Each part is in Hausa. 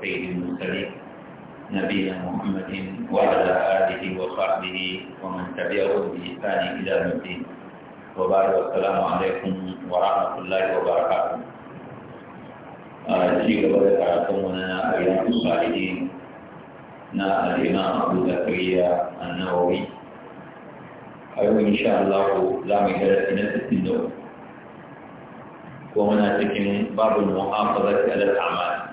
سيد المرسلين نبينا محمد وعلى آله وصحبه ومن تبعهم بإحسان إلى يوم الدين وبعد السلام عليكم ورحمة الله وبركاته آه، شيخ وذكرتمنا رياض الصالحين نا الإمام أبو زكريا النووي أيوة إن شاء الله لا مجال في نفس ومناسك باب المحافظة على الأعمال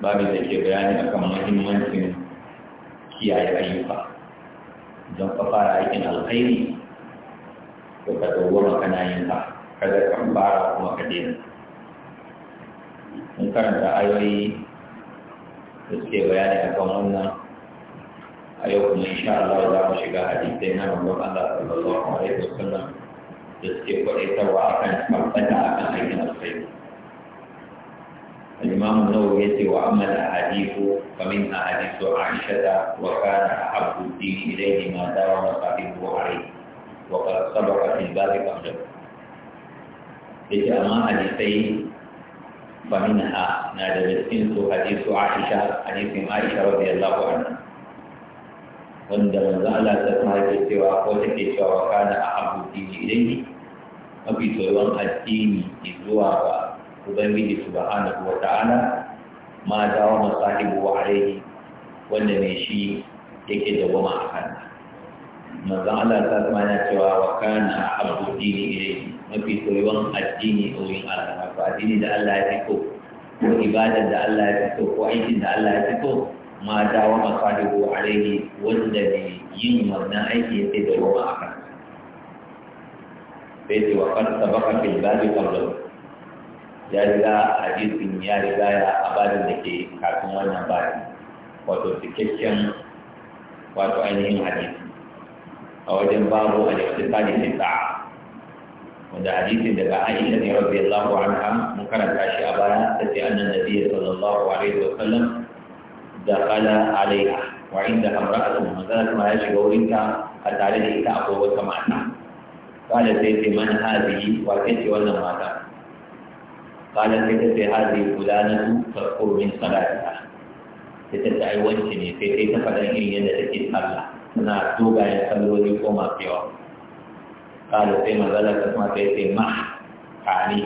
babu da ke bayani kan muhimmancin kiyaye ayyuka don ka fara aikin alkhairi ko ka maka na yin ka kada ka fara kuma ka dena. mun karanta ayoyi da suke bayani kan wannan a yau kuma insha Allah za mu shiga hadisai na manzon Allah sallallahu alaihi wasallam da suke kan akan tabbata akan aikin alkhairi الإمام النووي وعمل وأما الأحاديث فمن أحاديث عائشة وكان أحب الدين إليه ما دار صاحبه عليه وقد سبق في الباب قبله إذا ما حديثي فمنها نادى السنس حديث عائشة حديث عائشة رضي الله عنها wanda من Allah ta في السواء cewa وكان أحب الدين إليه وفي dini الدين إذ هو ubangiji subhanahu wa ta'ala ma dawo masahibu wa alaihi wanda ne shi yake da goma a kanta. manzon Allah ta zama ya cewa wa kana abu dini ilayhi mafi koyon addini a wurin Allah ko addini da Allah ya fi ko ko ibadar da Allah ya fi ko ko aikin da Allah ya fi ko ma dawo masahibu wa alaihi wanda ne yin wannan aiki yake da goma a kanta. Bai ce wa kan sabaka fil babi qablahu ya riga hadisin ya riga ya abadin da ke kafin wannan babi wato cikakken wato ainihin hadisi a wajen babu a jami'ar tsari da sa'a wanda hadisin daga Aisha ne Allahu, anha mun karanta shi a baya ta sai annan nabi sallallahu alaihi wa sallam kala alaiha wa inda tsohon manzala kuma ya shiga wurinta a tare da ita akwai wata mata kala sai ce man hadihi wa ce wannan mata قالت لك في هذه فلانة تذكر من صلاتها لتدعي وجهني في كيف فلان يدعي الله أنا أتوقع يصلي لي وما سواه قالوا فيما ذلك ما في مح كاني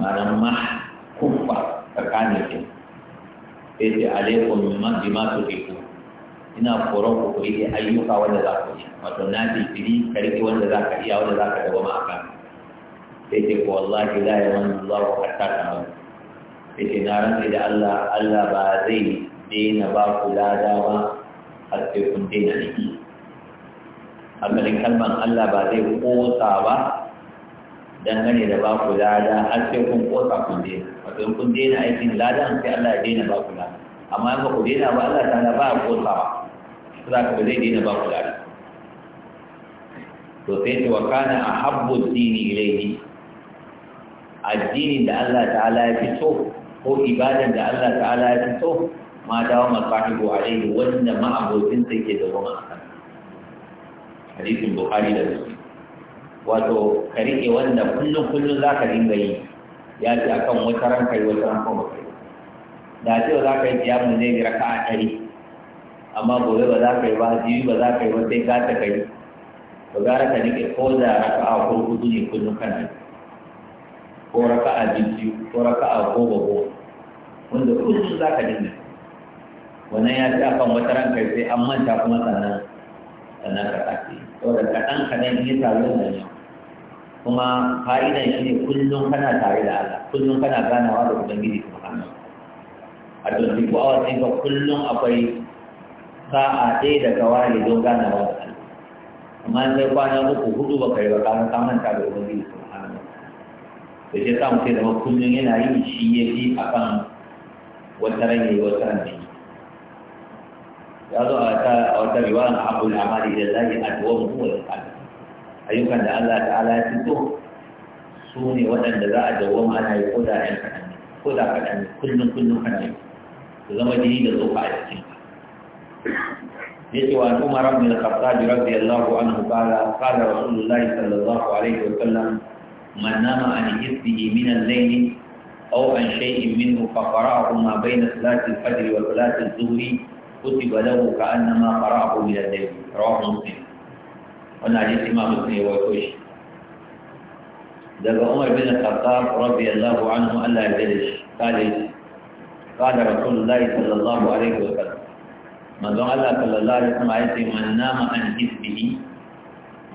معنى مح كفر فكاني yace alaikum ma bima tuqitu ina koron ku ku yi ayyuka wanda za ku yi wato na bibiri karki wanda za ka iya wanda za ka dawo ma akan yake ko wallahi la yawan wa hatta kana yake na rantsi da Allah Allah ba zai dena ba ku lada ba har sai kun daina niki akalin kalman Allah ba zai kosa ba dangane da ba ku lada har sai kun kosa kun daina wato kun daina aikin lada sai Allah ya daina ba ku lada amma in ku daina ba Allah ta'ala ba kosa ba za ka ba zai daina ba ku lada to sai ta wakana a habbu dini ilaihi addinin da Allah ta'ala ya fito ko ibadan da Allah ta'ala ya fito ma dawo masahibu alaihi wanda ma abokin ke dawo ma akan hadisin Buhari da muslim wato ka riƙe wanda kullum kullum za ka dinga yi ya ce akan wata ran kai wata ran kuma kai da ce ba za ka yi kiyamun zai yi a ɗari amma gobe ba za ka yi ba jibi ba za ka yi ba sai ka ta kai Ba gara ka riƙe ko da raka'a ko hudu ne kullum kan yi ko raka'a biyu ko a goma goma wanda su za ka dinga wannan ya ci akan wata ranka sai an manta kuma sannan sannan ka tafi saboda kaɗan kaɗan ne tare da nan kuma fa'idan shi ne kullum kana tare da Allah kullum kana ganawa da Ubangiji kuma hannu a dokin ko awa ka kullum akwai sa'a ɗaya ka ware don ganawa da Allah amma sai kwana uku hudu ba yi ba ka manta da Ubangiji kuma yake kan ke da kullun yana yi shi ya fi a kan wata rage wata rage ya zo a ta a wata riwa na abu lamari da zai a tuwa mu kuma da kan ayyukan da Allah ta'ala ya fito su ne waɗanda za a dawo ma na yi ko da yan kaɗan ko da kaɗan kullun kullun kan ne su zama jini da zo a yakin yake wa umar bin al-khattab radiyallahu anhu qala qala rasulullahi sallallahu alaihi wa sallam من نام عن جسده من الليل أو عن شيء منه فقرأه ما بين صلاة الفجر وصلاة الظهر كتب له كأنما قرأه من الليل رواه مسلم وانا حديث إمام مسلم يوكوش دقى عمر بن الخطاب رضي الله عنه ألا يدلش قال قال رسول الله صلى الله عليه وسلم من قال الله صلى الله عليه وسلم من نام عن جسده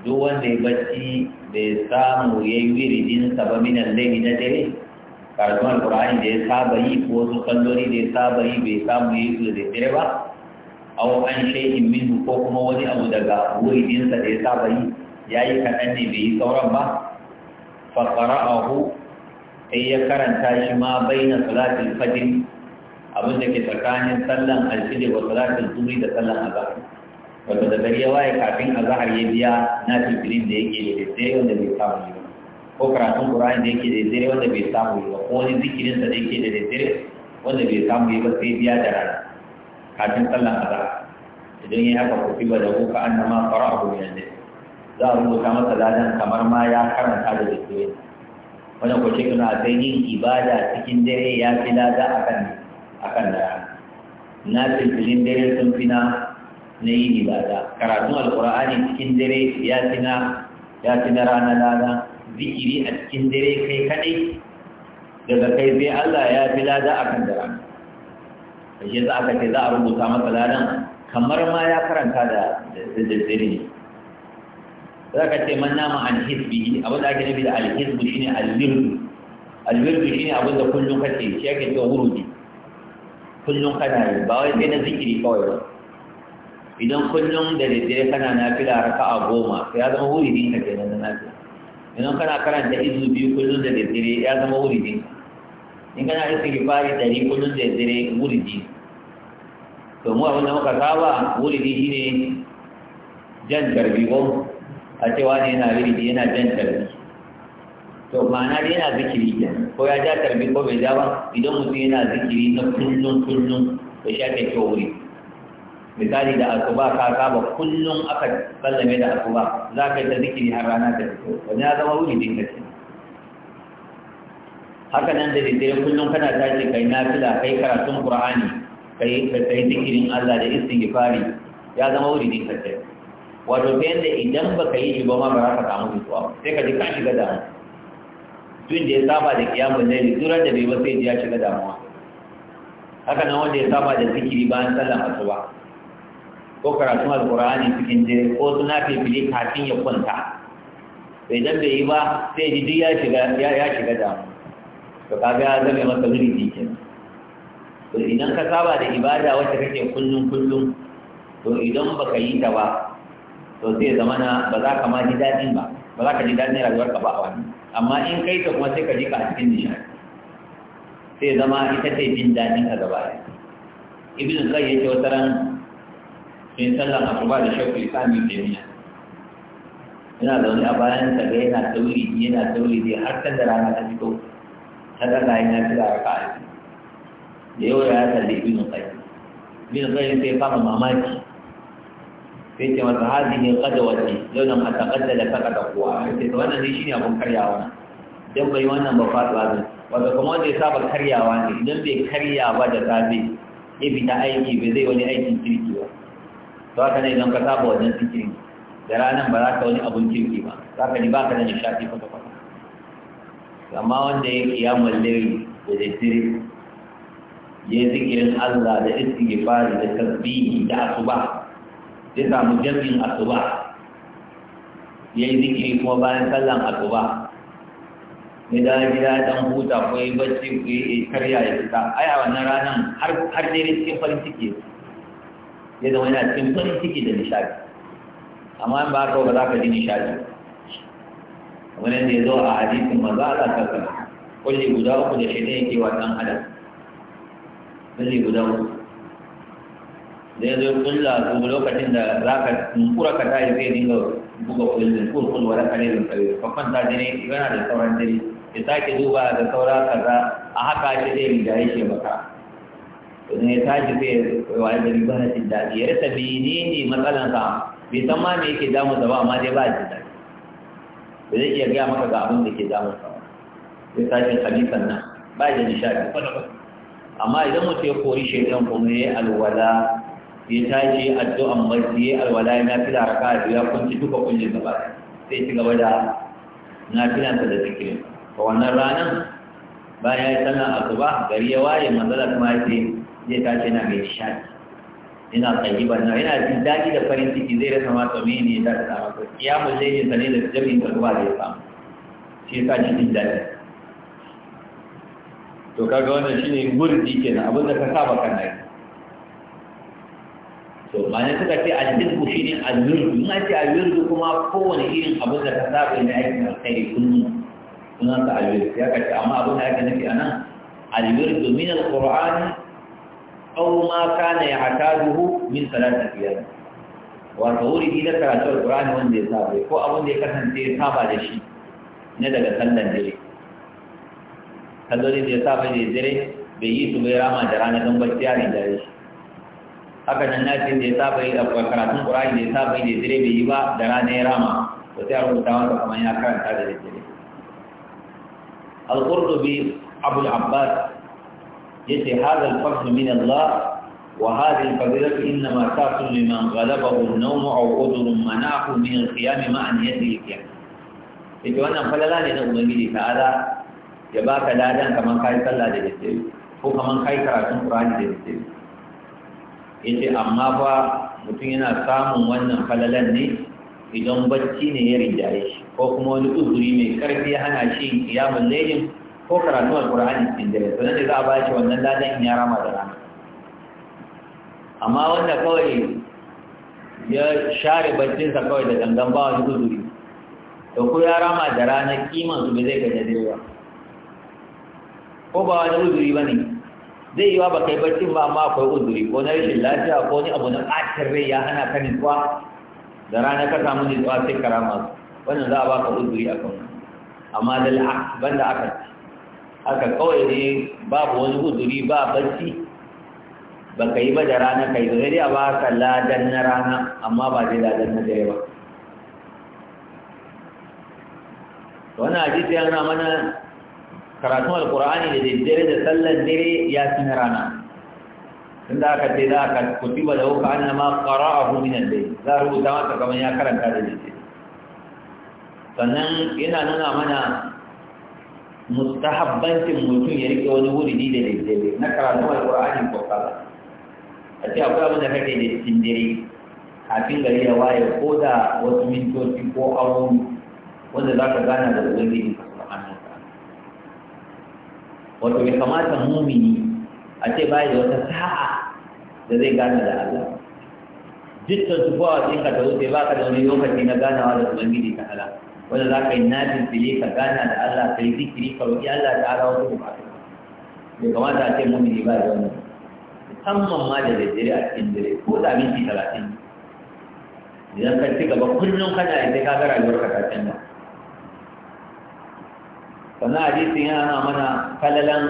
duk wanda ya bacci bai samu ya yi wiridinsa ba minan laili na dare karatun alkur'ani da ya saba yi ko wasu kallori da ya saba yi bai samu ya yi su da dare ba aw an shay'in minhu ko kuma wani abu daga wuridinsa da ya saba yi ya yi kaɗan ne bai yi sauran ba fa qara'ahu ai ya karanta shi ma baina salatul fajr abin da ke tsakanin sallan alfijir wa salatul zuhri da sallan azhar wato da gari ya waye kafin a zahar ya biya na tukirin da yake da daidai wanda bai samu yi ko karatun ƙura'in da yake da daidai wanda bai samu yi ba ko wani zikirin da yake da daidai wanda bai samu yi ba sai biya da rana kafin sallan azhar idan ya haka ku ba da kuka an nama fara abu mai yanzu za a rubuta masa ladan kamar ma ya karanta da daidai wannan ko shekaru a sai yin ibada cikin dare ya fi lada akan akan da na tilfilin dare sun fi na na yi ibada karatun alkur'ani cikin dare ya tina ya tina rana lada zikiri a cikin dare kai kadai daga kai sai Allah ya fi lada akan da rana shi za aka ce za a rubuta masa ladan kamar ma ya karanta da da dare ne za ka ce man nama an hisbi abin da ake nufi da alhisbu shine alwirdu alwirdu shine abin da kullum kace, shi ake cewa wurudi kullum kana yi ba wai sai na zikiri kawai ba idan kullum da daddare kana nafila raka'a goma sai ya zama wuridin ka kenan na nafila idan kana karanta izu biyu kullum da daddare ya zama wuri ka in kana gifari dari kullum da daddare din to mu abin da muka saba wuridi shine jan karbi ko a cewa ne yana wuridi yana jan karbi to ma'ana dai yana zikiri kenan ko ya ja karbi ko bai ja ba idan mutum yana zikiri na kullum kullum to shi ake wuri. wuridi misali da asuba ka saba kullum aka sallame da asuba za ka yi ta zikiri har rana ta fito wani ya zama wuri din kace haka nan da daidai kullum kana tashi kai na fila kai karatun qur'ani kai kai zikirin Allah da istighfari ya zama wuri din kace wato ta yadda idan ba ka yi shi ba ma ba za ka samu mutuwa sai ka ji ka shiga damuwa tun da ya saba da kiyamun laili turar da bai ba sai ya shiga damuwa haka nan wanda ya saba da zikiri bayan sallan asuba ko karatun alkur'ani cikin jere, ko suna fifili kafin ya kwanta bai dan bai yi ba sai ji duk ya shiga ya shiga da to kaga ya zame masa wuri ke to idan ka saba da ibada wacce kake kullum kullum to idan baka yi ta ba to sai zama na ba za ka ma ji daɗin ba ba za ka ji daɗin rayuwar ka ba a wani amma in kai ta kuma sai ka ji ka cikin nishaɗi sai zama ita ce jin daɗin ka gaba ɗaya ibn kai yake wata ran in sallan ba da shakku islami taimiya yana zaune a bayan sa ga yana tauri yana tauri dai har kan da rana ta fito ta ga na kira raka a da yau ya kalli ibnu qayyim ibnu qayyim sai kama mamaki sai ce masa hadi ne kadawati yau nan a da saka da kuwa sai ta wannan ne shine abun karyawa dan bai wannan ba fatuwa ne wanda kuma wanda ya saba karyawa ne idan bai karya ba da safe ya fita aiki bai zai wani aikin kirki ba to haka ne idan ka saba wannan zikirin da ranar ba za ka wani abun kirki ba za ka ji ba ka da nishaɗi kwata-kwata amma wanda ya kiyamun lairi da daddare ya yi zikirin Allah da istighfari da tasbihi da asuba ya samu jami'in asuba ya yi zikiri kuma bayan sallan asuba ya da gida ya dan huta ko ya bacci ko ya karya ya fita ai a wannan ranar har dai cikin farin ciki ya zama yana cikin farin ciki da nishadi amma in ba ka ba za ka ji nishadi wani yadda ya zo a hadisin maza Allah ta kala kulli guda uku da shi ne yake wa wasan adam kulli guda uku da ya zo kulla su lokacin da za ka kura ka tayi zai dinga buga kullin kurkul wani kare da kai fa kwanta jini yana da sauran jini ya sake duba da saura kaza a haka shi zai riga yake baka idan ya tashi zai waye gari ba na jin daɗi ya ni menene ka bi san ma me yake damu da ba amma dai ba ji da ba zai iya gaya maka ga abin da ke damun sa ba ta tashi halittar nan ba ya nishaɗi amma idan mutum ya kori shaitan kuma ne alwala ya tashi addu'a mazi ya alwala ya fi da da ya kunci duka kullum gaba sai ci gaba da nafilansa da zikirin Ka wannan ranar bayan ya sana a gari ya waye manzala kuma ya ce zai tashi yana mai shaɗi yana ba na yana jin daji da farin ciki zai rasa ma to ne da ta samu ko ya mu zai yi sane da jami'in da ruwa zai samu shi yasa shi jin daji to kaga wannan shine gurji kenan abin da ka saba ka na yi to ba ne suka ce al ku shi ne wirdu in ce al-wirdu kuma kowane irin abin da ka saba ne aikin alkhairi kullum sunan ka al-wirdu ya kace amma abin da ka nufi a al-wirdu min al-qur'ani aw ma kana yahtaduhu min salatin qiyam wato wuri ne na karatu alqur'ani wanda ya saba ko abin da ya kasance ya saba da shi na daga sallan dare kallolin da ya saba da dare bai yi su bai rama da rana don barciya ne dare shi haka nan nafin da ya saba yi a karatun qur'ani da ya bai yi da dare bai yi ba da rana ya rama to sai a rubuta masa kamar ya karanta da dare al-qurtubi abul abbas yace hadal fadl min Allah wa hadhihi fadilatu inma ta'tu liman ghalabahu an-nawm aw udhrun mana'ahu min al-qiyam ma'an yadihi yace wannan falala ne na ubangiji ta'ala ya baka ladan kaman kai sallah da dace ko kaman kai karatun Qur'ani da dace yace amma fa mutum yana samun wannan falalan ne idan bacci ne ya rinjaye shi ko kuma wani uzuri mai karfi hana shi kiyamun lailin ko karatu alqur'ani cikin dare to ne za a bashi wannan ladan in ya rama da rana amma wanda kawai ya share baccinsa kawai da gangan ba wani uzuri to ko ya rama da rana kiman su bai zai gaje ba ko ba wani uzuri ba ne zai yi wa ba kai barcin ba amma akwai uzuri ko na rashin lafiya ko ni abu na ɓacin rai ya hana ka nutsuwa da rana ka samu nutsuwa sai ka rama su wannan za a baka uzuri a kan amma da ban da aka aka kawai ne babu wani guduri ba bacci ba ka yi ba da rana ka yi ba a ba ka ladan na rana amma ba zai ladan na dare ba Wani ajiyar ya nuna mana karatun alkur'ani da daddare da sallan dare ya fi na rana tun da aka ce za ka kutuba da wuka an nama ƙara a huminan dai za a rubuta masa kamar ya karanta da daddare sannan yana nuna mana mustahabbancin mutum ya rike wani wuri ni da daidai na karatu alƙur'ani ko kaza a ce akwai abin da kake da cikin dare kafin gari ya waye ko da wasu mintoci ko awowi wanda za ka gana da ubangiji subhanahu na ta'ala wato bai kamata mumini a ce bai da wata sa'a da zai gana da Allah dukkan tufawa ɗinka ta wuce ba ka da wani lokaci na ganawa da ubangiji ta Allah wanda za ka yi nafin fili ka gana da Allah ka yi zikiri ka roƙi Allah ta ala wasu bukatu bai kamata a ce mumini ba da wannan musamman ma da daddare a cikin dare ko da minti talatin idan ka ci gaba kullum kana yi sai ka ga rayuwar ka ta canza sannan hadisin yana mana kalalan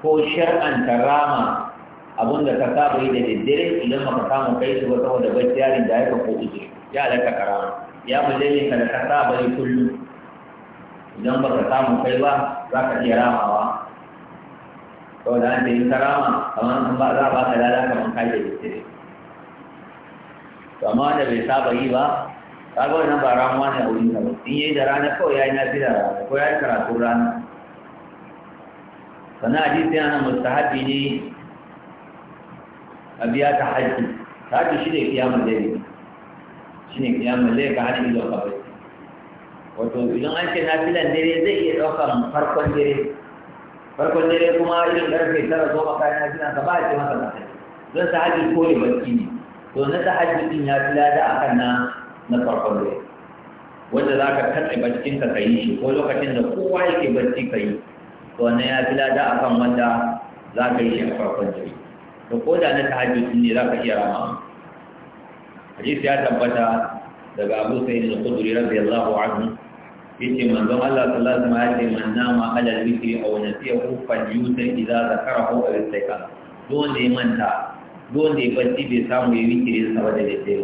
ko shar'anta rama abin da ka saba yi da daddare idan maka samu kai shi ba saboda bacci yarin da ya ka ko uzuri ya halatta karama ya buje ne ka da ka sa bari kullum idan ba ka samu kai ba za ka iya ramawa to da an yin karama kamar an ba za a ka lada kamar kai da yake to amma wanda bai saba yi ba ga wannan ba ramuwa ne a wurin ka ba in yayi da rana kawai yi na da rana ko yi karatu rana sannan hadisi yana haɗi ne a biya ta haɗi ta haɗi shi ne kiyamar dare shine kiyamun zai ka hannun zuwa kawai wato idan an ce na filan dare zai iya ɗaukar farkon dare farkon dare kuma irin ƙarfe tara zuwa makarai na filan ka ba a ce masa zafi don ta hajji kore baki ne to na sa hajji din ya fila da a kan na na farkon dare wanda za ka katse baccin ka kai shi ko lokacin da kowa yake barci ka yi to wannan ya fila da a kan wanda za ka yi shi a farkon dare to ko da na ta hajji ne za ka iya rama hadisi ya tabbata daga abu sa'id al-khudri radiyallahu anhu yace manzon Allah sallallahu alaihi wasallam yace man nama ala al-witri aw nasiyahu falyuta idza zakarahu aw istayqana don ne manta don ne bacci bai samu yi witrin sa da dare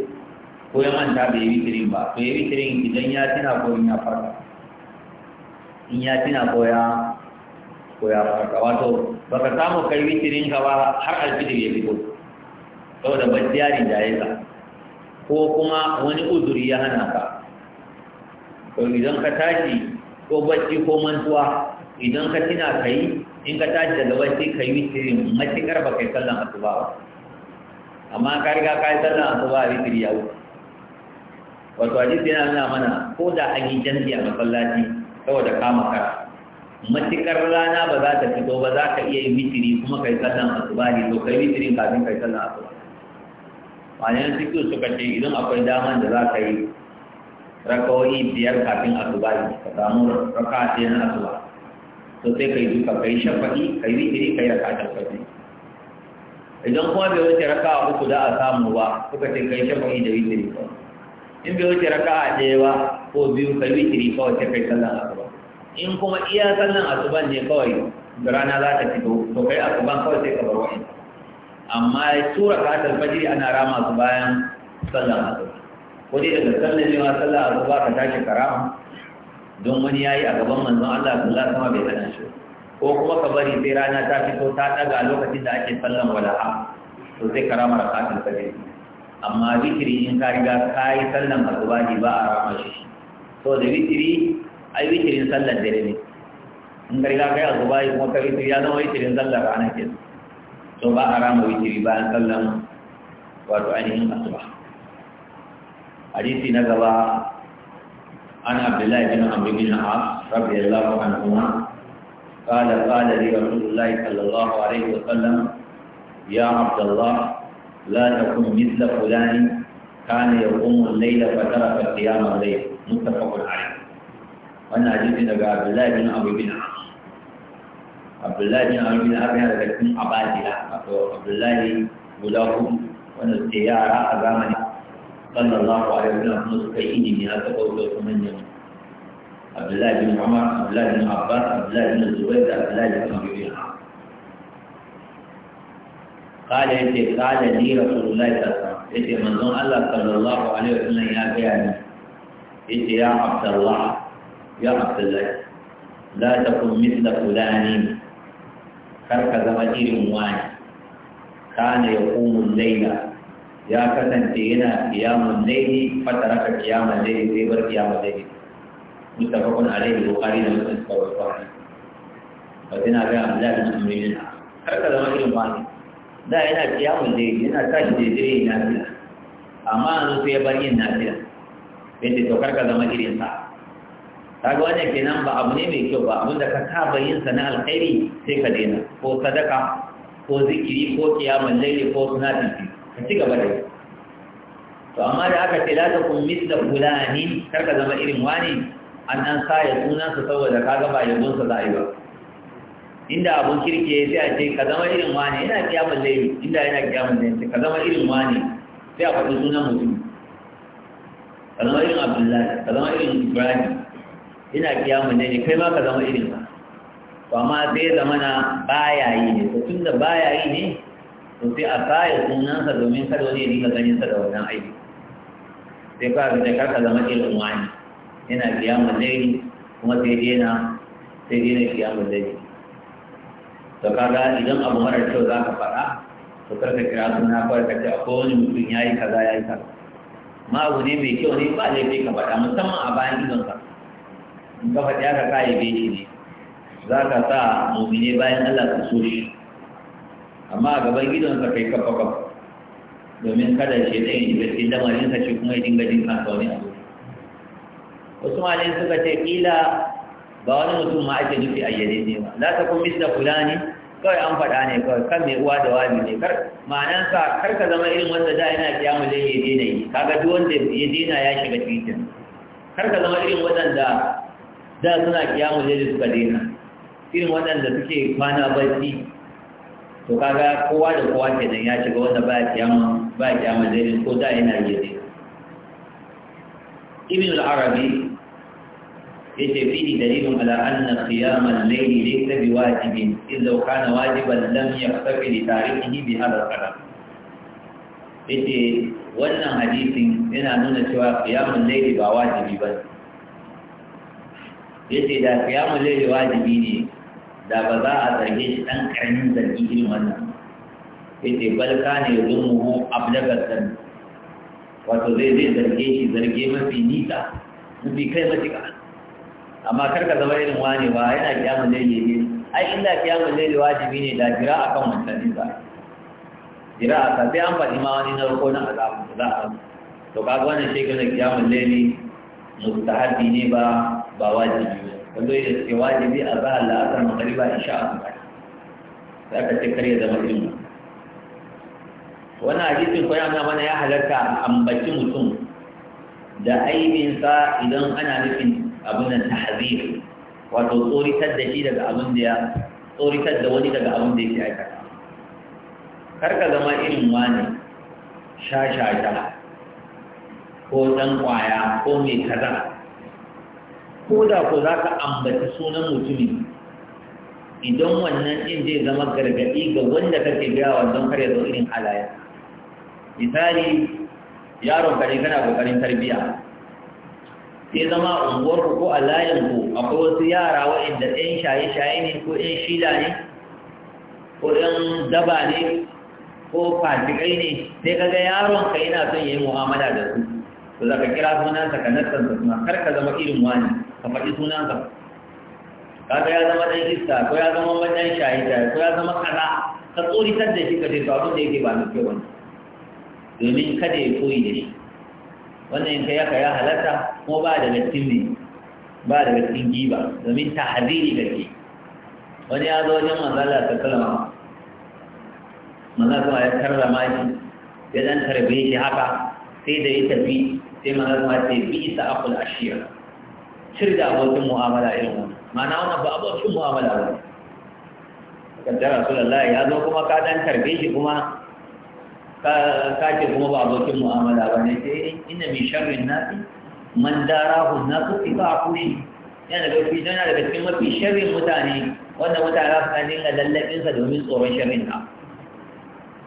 ko ya manta bai yi witrin ba to yi witrin idan ya tana ko ya farka in ya tana ko ya ko ya farka wato baka samu kai witirin ka ba har alfijir ya fito saboda bacci ya rinjaye ka ko kuma wani uzuri ya hana ka to idan ka tashi ko bacci ko mantuwa idan ka tina ka yi in ka tashi daga bacci ka yi witirin matuƙar ba kai sallan asuba ba amma ka riga ka yi sallan asuba witiri ya wuce wato hadisi yana nuna mana ko da an yi janji a masallaci saboda kama kara matuƙar rana ba za ta fito ba za ka iya yi witiri kuma kai sallan asuba ne to kai witiri kafin kai sallan asuba malamin fiqh suka ce idan akwai daman da za ka yi rakawoyi biyar kafin asuba ne ka samu raka ɗaya na asuba to sai ka yi duka ka yi shafa'i ka yi zikiri ka yi raka shafa'i idan kuma bai wuce raka uku da a samu ba suka ce ka yi shafa'i da zikiri kawai in bai wuce raka ɗaya ba ko biyu ka yi zikiri kawai sai ka yi sallan in kuma iya sallan asuban ne kawai da rana za ta fito to kai asuban kawai sai ka bar wani. amma ya tura katar fajiri ana rama su bayan sallan asuba ko dai daga sallan jima sallan asuba ka tashi karama don wani yayi a gaban manzon Allah sallallahu alaihi wasallam bai hana shi ko kuma ka bari sai rana ta fito ta daga lokacin da ake sallan wala'a to sai karama rakatul fajiri amma zikiri in ka riga ka yi sallan asuba ne ba a rama shi to da zikiri ai zikirin sallan dare ne in ka riga ka yi asuba kuma ka zikiri ya zama zikirin sallan rana kenan don ba a rama witiri bayan sallan wato ainihin asuba hadisi na gaba an abdullahi bin amr bin al-as radiyallahu anhu قال قال لي رسول الله صلى الله عليه وسلم يا عبد الله لا تكن مثل فلان كان يقوم الليل فترك قيام الليل متفق عليه وانا حديث daga Abdullahi bin Abu Bin abdullahi bin amur bin abin daga cikin abadila wato abdullahi guda hudu wanda suke yara a zamani sallallahu alaihi wasallam kuma suka yi ilimi har ta bauta su manyan abdullahi bin umar abdullahi bin abbas abdullahi bin zubair da abdullahi bin amur bin قال يتي قال لي رسول الله صلى الله عليه وسلم يتي من ظن الله صلى الله عليه وسلم يا بيعني يتي يا عبد الله يا عبد الله لا تكن مثل فلان karka zama irin wani kana ya kumun laila ya kasance yana kiyamun laili fatara ka kiyamun laili zai bar kiyamun laili mutafakun alaihi bukari na mutum kawai kawai ba zai na gaya mu lafi mutum ne kar Karka zama irin wani da yana kiyamun laili yana tashi da dire yana amma an sai ya bar yin nafila bai ce to karka ka zama irin sa kaga wannan kenan ba abu ne mai kyau ba abinda ka saba yin sana na alkhairi sai ka daina ko sadaka ko zikiri ko kiyamun laili ko sunafi ka ci gaba da to amma da aka ce lata kun misla fulani kar ka zama irin wani an dan sa ya sunan sa saboda ka gaba yabon sa zai ba inda abun kirki sai a ce ka zama irin wani yana kiyamun laili inda yana kiyamun laili ka zama irin wani sai a faɗi sunan mutum ka zama irin abdullahi ka zama irin ibrahim ina kiyamun ne ne kai ma ka zama irin ba to amma sai zama na baya yi ne to tun da baya yi ne to sai a kaya sunansa domin kada wani ya dinga ganin sa da wannan aiki sai ka ga kar ka zama irin wani yana kiyamun ne kuma sai dena sai dena kiyamun ne to kaga idan abu marar kyau za ka faɗa to ka kira suna kawai ka ce akwai wani mutum ya yi kaza ya yi kaza ma abu ne mai kyau ne ba laifi ka faɗa musamman a bayan idonka in ka faɗi aka kayi be shi ne za ka sa mumine bayan Allah ka so shi amma a gaban ka, kai kafa kafa domin kada shi ɗaya ne gaske damarinsa shi kuma ya dinga jin kansa wani abu wasu malin suka ce kila ba wani mutum ma ake nufi a yare ne ba za ta kun kula fulani kawai an faɗa ne kawai kan mai uwa da wani ne kar ma'anansa kar ka zama irin wanda da yana mu zai ya daina yi kaga duk wanda ya daina ya shiga titin kar ka zama irin waɗanda da suna kiyamu da suka daina irin waɗanda suke kwana barci to kaga kowa da kowa kenan ya shiga wanda baya kiyama baya kiyama dai ko da yana yi ne ibn al-arabi yace fi dalilun ala anna qiyam al-layl laysa biwajibin illa kana wajiban lam yaktafi li tarikihi bi hadha al-qadar yace wannan hadisin yana nuna cewa qiyam al-layl ba wajibi ba ya ce da kiyamun laili wajibi ne da ba za a zarge shi ɗan ƙaramin zargi irin wannan ya ce balka ne ya zumuhu abdagasan wato zai zai zarge shi zarge mafi nisa mafi kai mafi ka amma kar ka zama irin wani ba yana kiyamun laili ne ai inda kiyamun laili wajibi ne da jira akan wancan nisa jira a kan sai an faɗi ma wani na rako na azabu za a to kaga wannan shekarar kiyamun laili mustahabi ne ba ba wajibi ba wanda ya ce wajibi a za a la'asar ba in sha Allah za ka ce karya zama ilmi wani hadisin ko yana mana ya halarta ambaci mutum da aibinsa idan ana nufin abin nan hazir wato tsoritar da shi daga abin da ya tsoritar da wani daga abin da ke aikata kar ka zama irin wani sha ko ɗan ƙwaya ko mai kaza ko da ku za ka ambaci sunan mutumi idan wannan ɗin zai zama gargaɗi ga wanda kake wa don kare irin halaye misali yaron kare kana kokarin tarbiyya. sai zama a unguwarku ko a layinku akwai wasu yara waɗanda ɗan shaye-shaye ne ko ɗan shida ne ko ɗan daba ne ko fatiƙai ne sai kaga yaron ka yana son ya yi mu'amala da su to za ka kira sunan ka da suna kar ka zama irin wani kamar ji ka kaga ya zama ɗan iska ko ya zama wannan shahida ko ya zama kaza ka tsoritar da shi ka ce abin da yake ba mai kyau wani domin kada ya koyi da shi wannan in kai ya halatta ko ba da gaskin ne ba da gaskin giba domin ta hadiri da ke wani ya zo wajen mazala ta kalama maza kuma ya karrama shi ya dan tarbe shi haka sai da ya tafi sai maza kuma ce bi isa akul ashira cire da abokin mu'amala irin wani ma'ana wani ba abokin mu'amala ba kaddara rasulullah ya zo kuma ka dan karbe shi kuma ka ce kuma ba abokin mu'amala ba ne sai ina mai sharrin nasi man darahu nasu a kushi yana da cikin yana daga cikin mafi sharrin mutane wanda mutane za su kan dinga lallabinsa domin tsoron sharrin ka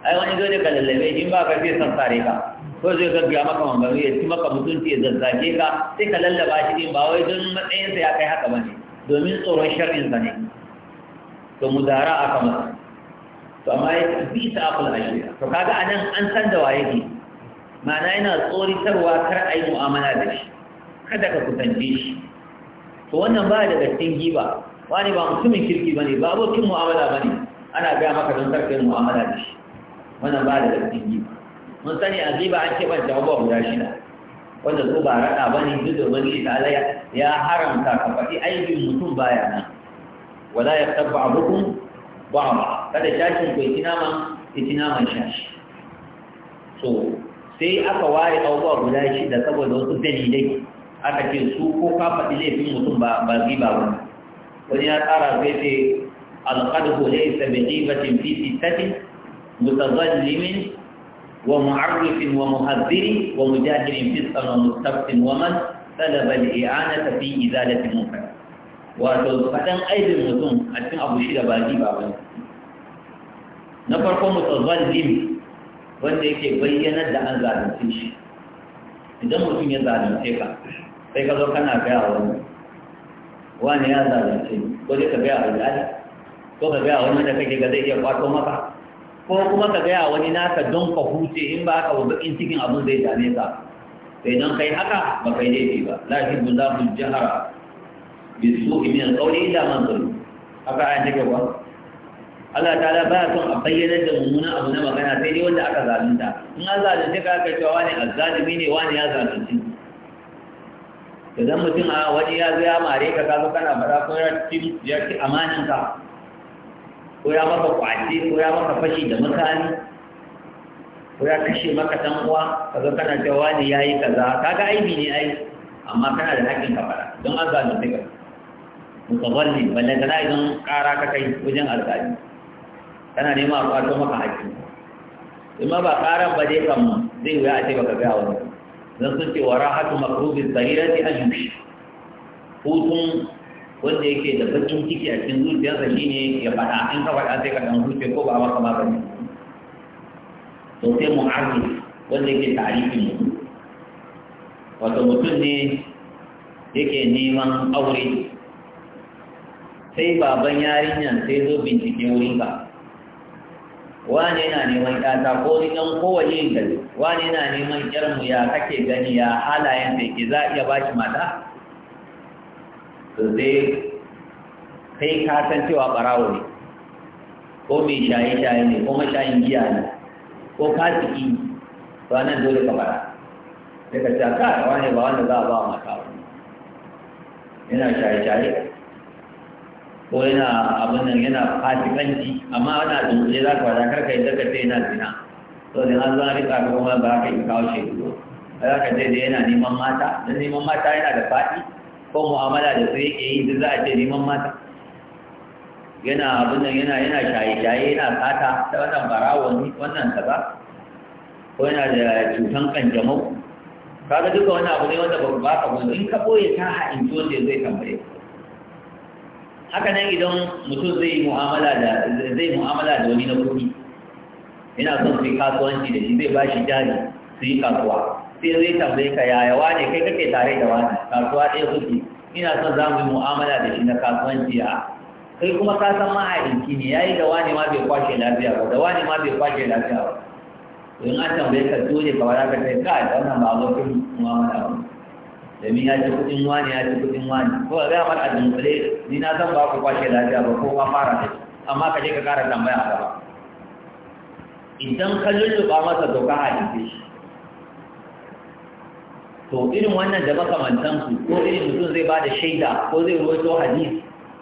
ai wani zo ne ka lallabe in ba ka fi san sare ka ko zai gaggiya maka mambaro ya ci maka mutunci ya zazzage ka sai ka lallaba shi ne ba wai don matsayinsa ya kai haka ba ne domin tsoron sa ne to mu dara aka masa to amma ya bi ta akul ashira to kaga anan an san da waye ne ma'ana yana tsoritarwa kar a yi mu'amala da shi kada ka kusance shi to wannan ba daga cikin giba wani ba mutumin kirki bane ba abokin mu'amala bane ana gaya maka don karka mu'amala da shi wannan ba daga cikin giba mun sani a ziba an keɓanta abubuwa guda shida wanda su ba raɗa ba ne duk da shi ta alaya ya haramta ka faɗi aibin mutum baya nan wala ya tabba abukum ba ba kada shashin ku yi naman yi naman shashi so sai aka ware abubuwa guda shida saboda wasu dalilai aka ce su ko ka faɗi laifin mutum ba ba ziba ba wani ya tsara sai ce laifin sabbin bi ghibatin tafi mutazan limin. ومعرف ومهذر ومجاهر فسقا ومستبق ومن سلب الإعانة في إزالة المنكر wato faɗan aibin mutum a cikin abu shida ba ba wani na farko mutazallim wanda yake bayyana da an zalunce shi idan mutum ya zalunce ka sai ka zo kana gaya wani wani ya zalunce ko dai ka gaya ko ka gaya wani ga zai iya kwato maka ko kuma ka gaya wani naka don ka huce in ba ka in cikin abin zai dame ka sai don kai haka ba kai daidai ba lafi shi bu za ku jahara bi su yi tsauri illa man zalim haka ayan take kuwa? Allah Ta ala baya son a bayyana da mummunan abu na magana sai dai wanda aka zalunta in an zalunta ka aka cewa wani azzalimi ne wani ya zalunci idan mutum a wani ya zo ya mare ka ka zo kana fara ko ya ci amanin ka ko ya maka kwaje ko ya maka fashi da makani ko ya kashe maka dan uwa kaga kana cewa ne yayi kaza kaga aibi ne ai amma kana da hakkin ka fara don an ne. kai mutawalli balle kana idan kara ka kai wajen alƙali kana nema a kwato maka hakki amma ba karan ba dai kan zai wuya a ce baka ga wani zan sun ce wa rahatu makrubis sarirati an yushi hutun wanda yake da bakin ciki a cikin zuciyarsa ne ya faɗa in ka faɗa sai ka ɗan zuciya ko ba maka magani to sai arzi wanda yake tarihi ne wato mutum ne yake neman aure sai baban yarinyar sai zo bincike ka wane yana neman ƴata ko ni ɗan kowane yin gari wane yana neman ƴarmu ya kake gani ya halayen da ke za a iya ba shi mata to sai kai ka san cewa barawo ne ko mai shaye-shaye ne ko mashayin giya ne ko fasiki ba nan dole ka bara sai ka a ka wani ba wanda za a ba mata wani yana shaye-shaye ko yana abin nan yana fasikanci amma ana dole za ka wada karka yin ka ce yana zina to ne an zan rika kuma ba ka yi kawo shekaru ba za ka ce da yana neman mata don neman mata yana da faɗi ko mu'amala da su yake yi duk za a ce neman mata yana abin nan yana yana shaye-shaye yana sata ta wannan barawon wannan kaza ko yana da cutan kanjamau kaga duka wani abu ne wanda ba ba ka gudu in ka boye ta ha'inci wanda zai tambaye haka nan idan mutum zai mu'amala da zai mu'amala da wani na kudi yana son su yi kasuwanci da shi zai ba shi jari su yi kasuwa sai zai tambaye ka yaya wane kai kake tare da wani kasuwa ɗaya kuke ina son za mu yi mu'amala da shi na kasuwanci a kai kuma ka san ma'aikaci ne yayi da wani ma bai kwashe lafiya ba da wani ma bai kwashe lafiya ba in an tambaye ka dole ka za ka kai ka da wannan ba abokin mu'amala ba domin ya ci kuɗin wani ya ci kuɗin wani ko a gaya mata dunkule ni na san ba ku kwashe lafiya ba ko ma fara da amma ka je ka kara tambaya a gaba idan ka lulluɓa masa doka a jikin shi to irin wannan da makamantansu ko irin mutum zai ba da shaida ko zai ruwaito hadis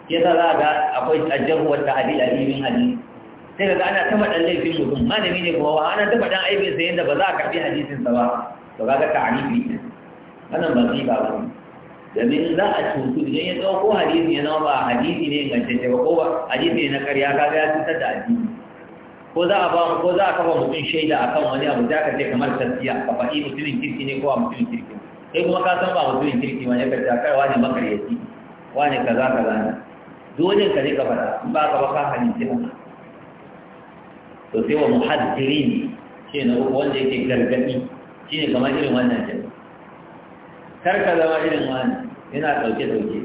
ya za za ga akwai ajarwar ta a alimin hadis sai ga ana ta maɗan laifin mutum malami ne kuma wa ana taɓa ɗan aibin sa yadda ba za a karɓi hadisinsa ba to kaga ta'arifi ne wannan ba zai ba ba domin za a cutu idan ya tsawo ko hadisi ya zama ba hadisi ne ingantacce ba ko hadisi ne na karya ga ya cutar da addini ko za a ba ko za a kafa mutum shaida akan wani abu da ka ce kamar tafiya, ka faɗi mutumin kirki ne ko a mutumin kirki Sai kuma ka san ba yin kirki wani ka ta kai wani makaryaci wani kaza ka ne dole ka ka fada in ba ka ba ka halinci ba to sai wa muhaddirin shi ne wanda yake gargadi shi ne kamar irin wannan jami'a ka zama irin wani yana ɗauke-ɗauke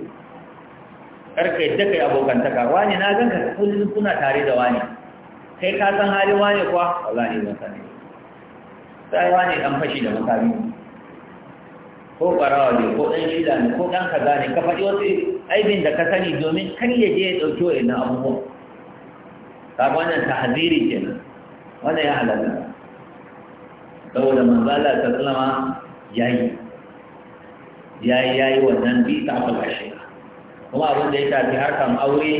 ka yadda kai abokantaka wani na ganka kullum kuna tare da wani kai ka san hali wani kuwa ba za ne sai wani dan fashi da mutane. ko barawa ne ko ɗan shida ne ko ɗan kaza ne ka faɗi wasu aibin da ka sani domin kan ya je ya ɗauki wa'in na abubuwan kaga wannan ke kenan wannan ya halatta saboda manzala ta zama yayi yayi yayi wannan bi ta falashe kuma abin da ya shafi kan aure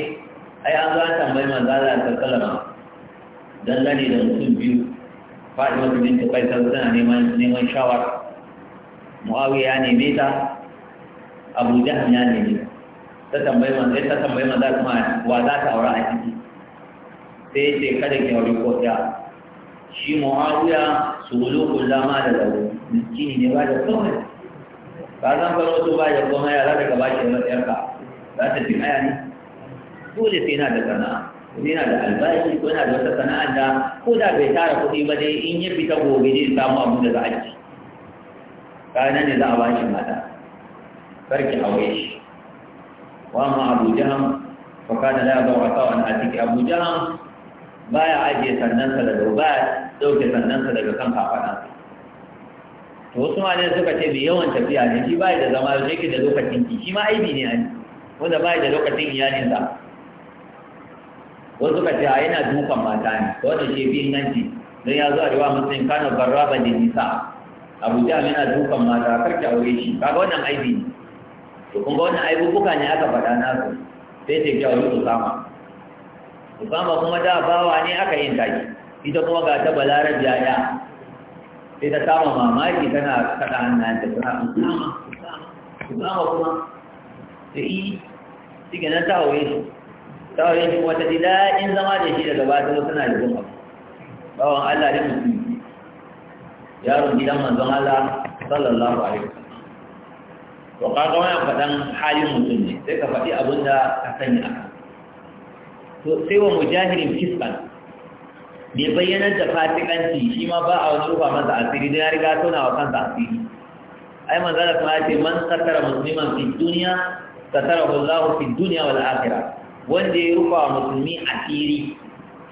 ai an zo an tambayi manzala ta zama dangane da mutum biyu faɗi masu bin ta faisal suna neman shawara muawiya ne me ta abu jahal ya ne ne ta tambayi man sai ta tambayi ma kuma wa za ta aura a ciki sai ce kada ki aure ko ta shi muawiya sulukul ma da zaure miskini ne ba da komai ba zan fara wasu ba da komai yara daga bashi ka, za ta fi aya ne dole sai yana da sana'a yana da albashi ko yana da wata sana'a da ko da bai tara kuɗi ba dai in ya fita gobe zai samu abin da za a ci kana ne za a ba shi mata karki aure shi wa ma abu jaham fa kana la yadau asaw an atiki abu jaham baya ajiye sannansa daga baya dauke sannansa daga kan kafada to wasu ma ne suka ce mai yawan tafiya ne shi bai da zama ne ke da lokacin ki shi ma aibi ne ani wanda baya da lokacin iyalinsa wasu suka ce a yana dukan mata ne wanda shi bi inganci don ya zo a riwa mutum kana barra ba da nisa abu jahal yana dukan mata kar ki aure shi kaga wannan aibi ne to kun ga wannan aibubuka ne aka faɗa na su sai ta ki aure usama usama kuma da bawa ne aka yin taki ita kuma ga ta balarar yaya sai ta sama mamaki tana kaɗa hannayen ta tana usama usama kuma ta yi shi ke nan ta aure shi ta aure shi kuma ta ji daɗin zama da shi daga ba ta zo tana da zuma bawan allah ne musulmi yaron gidan manzon Allah sallallahu alaihi wasallam to kaga wannan faɗan halin mutum ne sai ka faɗi abin da ka sani a to sai wa mujahirin fiskan bai bayyanar da fasikanci shi ma ba a wani rufa masa asiri don ya riga tona wa kansa asiri ai manzo da kuma ce man satara musliman fi duniya satara wallahu fi duniya wal akhirah wanda ya rufa musulmi asiri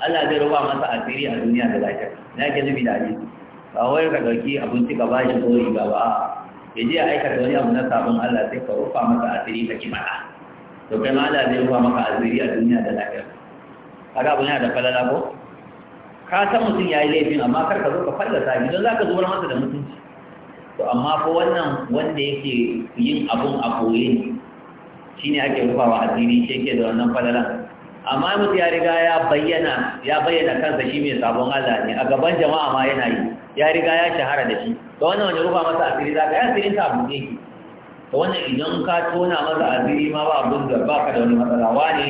Allah zai rufa masa asiri a duniya da lafiya na ke nufi da hadisi ba wai ka ɗauki abinci ka bashi ko riga ba ya je a aikata wani abu na sabon Allah sai ka rufa masa asiri ka ci mata to kai ma Allah zai rufa maka asiri a duniya da lafiya kaga abu yana da falala ko ka san mutum ya yi laifin amma kar ka zo ka fallasa shi don za ka zubar masa da mutunci to amma ko wannan wanda yake yin abun a koyi ne shine ake rufa wa asiri shi yake da wannan falalan amma mutum ya riga ya bayyana ya bayyana kansa shi mai sabon Allah ne a gaban jama'a ma yana yi ya riga ya shahara da shi da wannan wani rufa masa asiri za ka yi asirin ta abu ne ki wannan idan ka tona masa asiri ma ba abin da ba ka da wani matsala ne,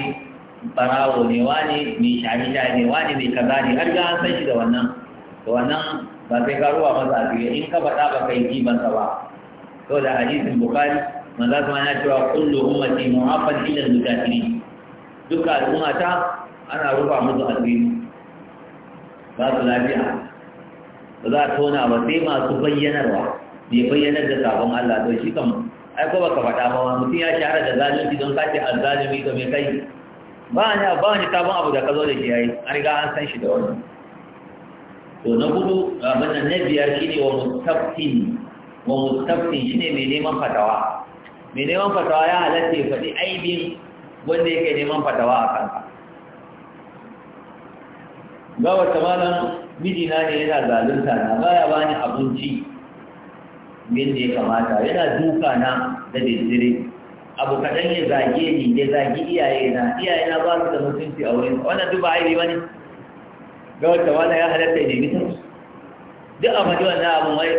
barawo ne ne mai shari shari ne ne mai kaza ne har ga an san shi da wannan da wannan ba sai ka ruwa masa asiri in ka faɗa ba kai ji ban ba to da hadisin bukari manzo kuma ya cewa kullu ummati mu'afan ila al-mujahidin duka al-ummata ana rufa musu asiri ba su lafiya ba za a tona ba sai masu bayyanarwa ne bayyanar da sabon Allah to shi kan ai ko baka faɗa ba mutum ya shahara da zalunci don kace azzalimi to mai kai ba ni ba ni sabon abu da ka zo da shi yayi an riga an san shi da wannan to na gudu abin nan na biyar ne wa mustaftin wa mustaftin shine mai neman fatawa mai neman fatawa ya halatta ya faɗi aibin wanda yake neman fatawa a kanka ga wata malam mijina ne yana zalunta na baya bani abinci yadda ya kamata yana duka na da daddare abu kaɗan ya zage ni ya zage iyayena iyayena ba su da mutunci a wurin wannan duk ba aibi ba ne ga wata wannan ya halatta ya nemi duk a faɗi wannan abu mai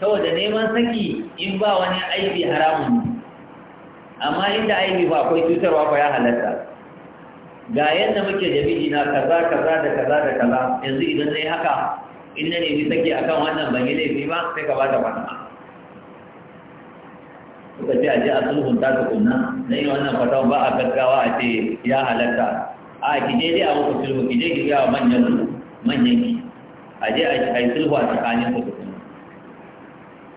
saboda neman saki in ba wani aibi haramun ne amma inda aibi ba akwai cutarwa ba ya halatta ga yadda muke da mijina kaza kaza da kaza da kaza yanzu idan zai haka in ne bi sake akan wannan ban yi laifi ba sai ka bata wannan suka ce a a sulhun ta tukunna na yi wannan fatan ba a gaggawa a ce ya halatta a ki je dai a muku sulhu ki je ki ga manyan manyan ki a je a yi sulhu a tsakanin ku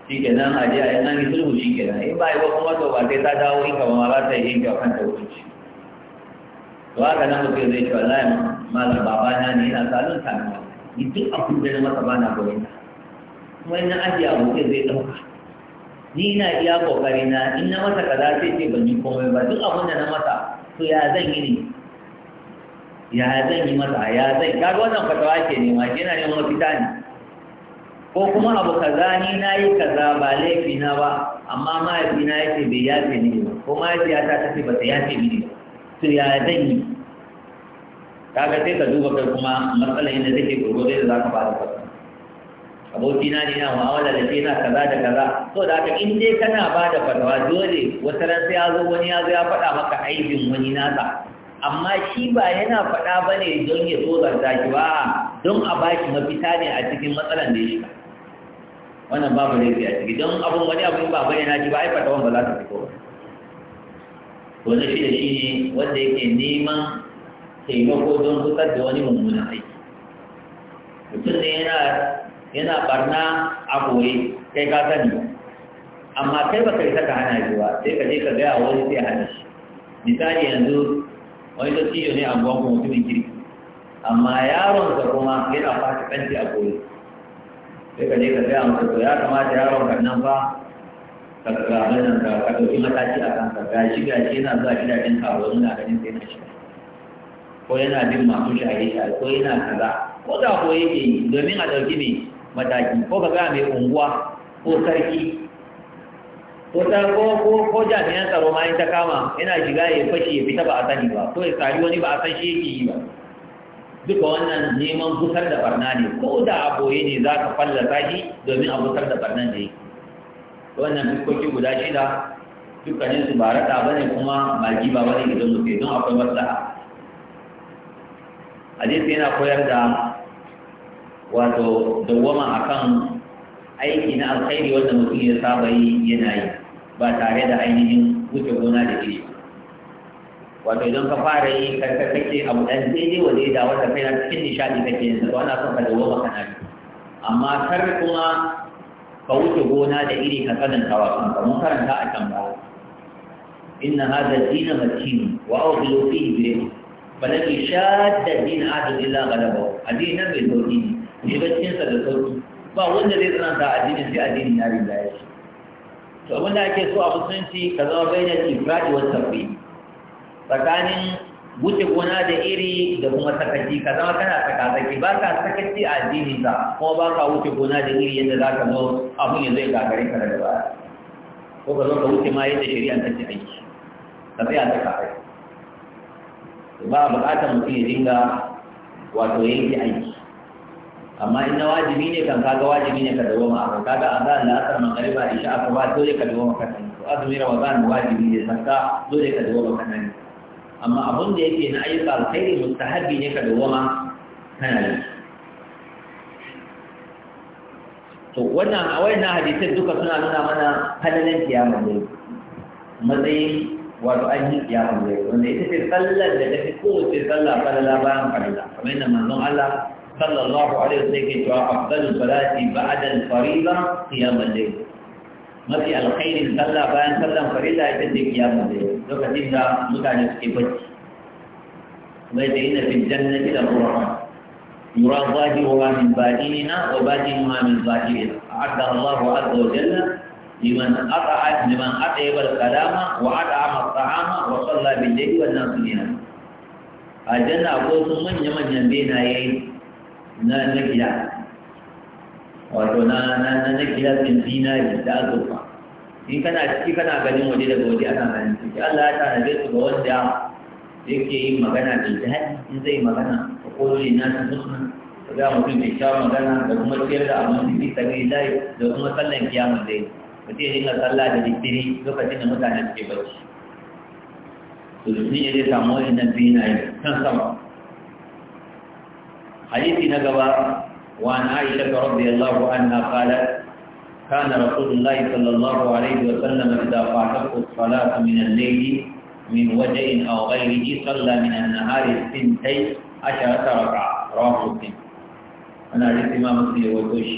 shi ke nan a je a yi nan sulhu shi ke nan in ba yi ba kuma to ba sai ta dawo in ka ba ma ba ta yi in ka kanta wuce to ka nan mutum zai ce wallahi malam babana ne yana salon ta ne ni duk abin da na masa bana na kuma ina ajiya mutum zai ɗauka ni ina iya kokari na in na masa kaza sai ce ban yi komai ba duk abin da na masa to ya zan yi ne ya zan yi masa ya zan kaga wannan fatawa ke nema yana neman mafita ne ko kuma abu kaza ni na yi kaza ba laifi na ba amma mahaifina ce bai yafe ni ba ko mahaifiyata ta ce ba ta yafe ni ba to ya zan yi kaga sai ka duba kai kuma matsalar yadda take gurgurai da za ka bada ba abokina ne na ma'awala da ke na kaza da kaza to da haka in dai kana ba da fatawa dole wata ran sai ya zo wani ya zo ya faɗa maka aibin wani nasa amma shi ba yana faɗa ba ne don ya tozarta shi ba don a ba shi mafita ne a cikin matsalar da ya shiga wannan babu laifi a ciki don abin wani abin ba bayyana shi ba ai fatawan ba za ta fito ba to na da shi ne wanda yake neman taimako don fitar da wani mummunan aiki mutum ne yana yana barna a goye kai ka sani amma kai ba kai saka hana shi ba sai ka je ka gaya wani sai hana shi misali yanzu wani ta ciyo ne a gwamnati mutumin kirki amma yaronsa kuma yana fasikanci a goye sai ka je ka gaya masa to ya kamata yaron kan nan fa ka abin nan ka ɗauki mataki a kanka ga shi ga shi yana zuwa gidajen karuwa yana ganin sai na shiga ko yana bin masu shaye-shaye ko yana kaza ko da ko yake yi domin a ɗauki ne mataki ko ka gaya mai unguwa ko sarki ko ta ko ko ko jami'an tsaro ma ta kama yana shiga ya fashe ya fita ba a sani ba ko ya tsari wani ba a san shi yake yi ba duka wannan neman kusar da barna ne ko da a boye ne za ka fallasa shi domin a kusar da barnan da yake wannan fuskoki guda shida ba su ba ne bane kuma magi ba bane idan mutum don akwai maslaha hadisi yana koyar da wato dawwama kan aiki na alkhairi wanda mutum ya saba yi yana yi ba tare da ainihin wuce gona da iri wato idan ka fara yi karka kake abu ɗan daidai wa daida wata kai na cikin nishaɗi kake yanzu ba na son ka dawwama kana amma kar kuma ka wuce gona da iri ka tsananta wa kanka mun karanta a can baya inna hadha dina matin wa awqilu fihi bi falaki shadda din adu illa ghalaba adina bil sauki ne shi baccin sa da sauki ba wanda zai tsananta addinin sai addinin ya rinda ya shi to abinda ake so a musulunci ka zama bayyana ifradi wa tafi tsakanin wuce gona da iri da kuma sakaci ka zama kana sakataki ba ka sakaci a addini ka kuma ba ka wuce gona da iri yadda za ka zo abin ya zai gagare ka daga baya ko ka zo ka wuce ma yadda shari'a ta ce aiki ka tsaya ta kafai ba a buƙatar mutum ya dinga wato yanke aiki amma in na wajibi ne kan kaga wajibi ne ka dawo ma kan kaga azan da asar magariba isha aka ba dole ka dawo ma kasan azumi ramadan wajibi ne sanka dole ka dawo ma kasan amma abun da yake na ayyuka alkhairi mustahabi ne ka dawoma kana yi to wannan a wayannan hadisan duka suna nuna mana halalan kiyama ne matsayin wato an yi kiyama ne wanda ita ce sallar da take tafi kowace sallah falala bayan falala kamar yadda manzon Allah sallallahu alaihi wasallam yake cewa afdalu salati ba'da al-fariida qiyamul layl mafi alkhairin sallah bayan sallan farida ita ce kiyama da lokacin da mutane suke bacci bai da ina fi janna ila murafa murafa zaki wa ma min batini na wa baki ma min zakirin a adda allah wa adda wa janna liman aka a liman aka yi bar kalama wa aka a masahama wa sallah bin jai wa nan suni na a janna ko sun manya manyan benaye na na gida wato na na na gilasin dinari da azurfa in kana ciki kana ganin waje daga waje ana ganin ciki Allah ya tana su ga wanda yake yin magana da jihadi in zai magana ka koyo ne na su musulun ka ga mutum bai sha magana da kuma ciyar da abin da sabi zai, da kuma sallan kiyamun zai. mutum ya dinga sallah da diddiri lokacin da mutane suke bacci to mutum ne zai samu na binaye kan sama hadisi na gaba وعن عائشة رضي الله عنها قالت كان رسول الله صلى الله عليه وسلم إذا فاتته الصلاة من الليل من وجه أو غيره صلى من النهار الثنتي عشرة ركعة رواه مسلم أنا عرفت ما مسلم وكوش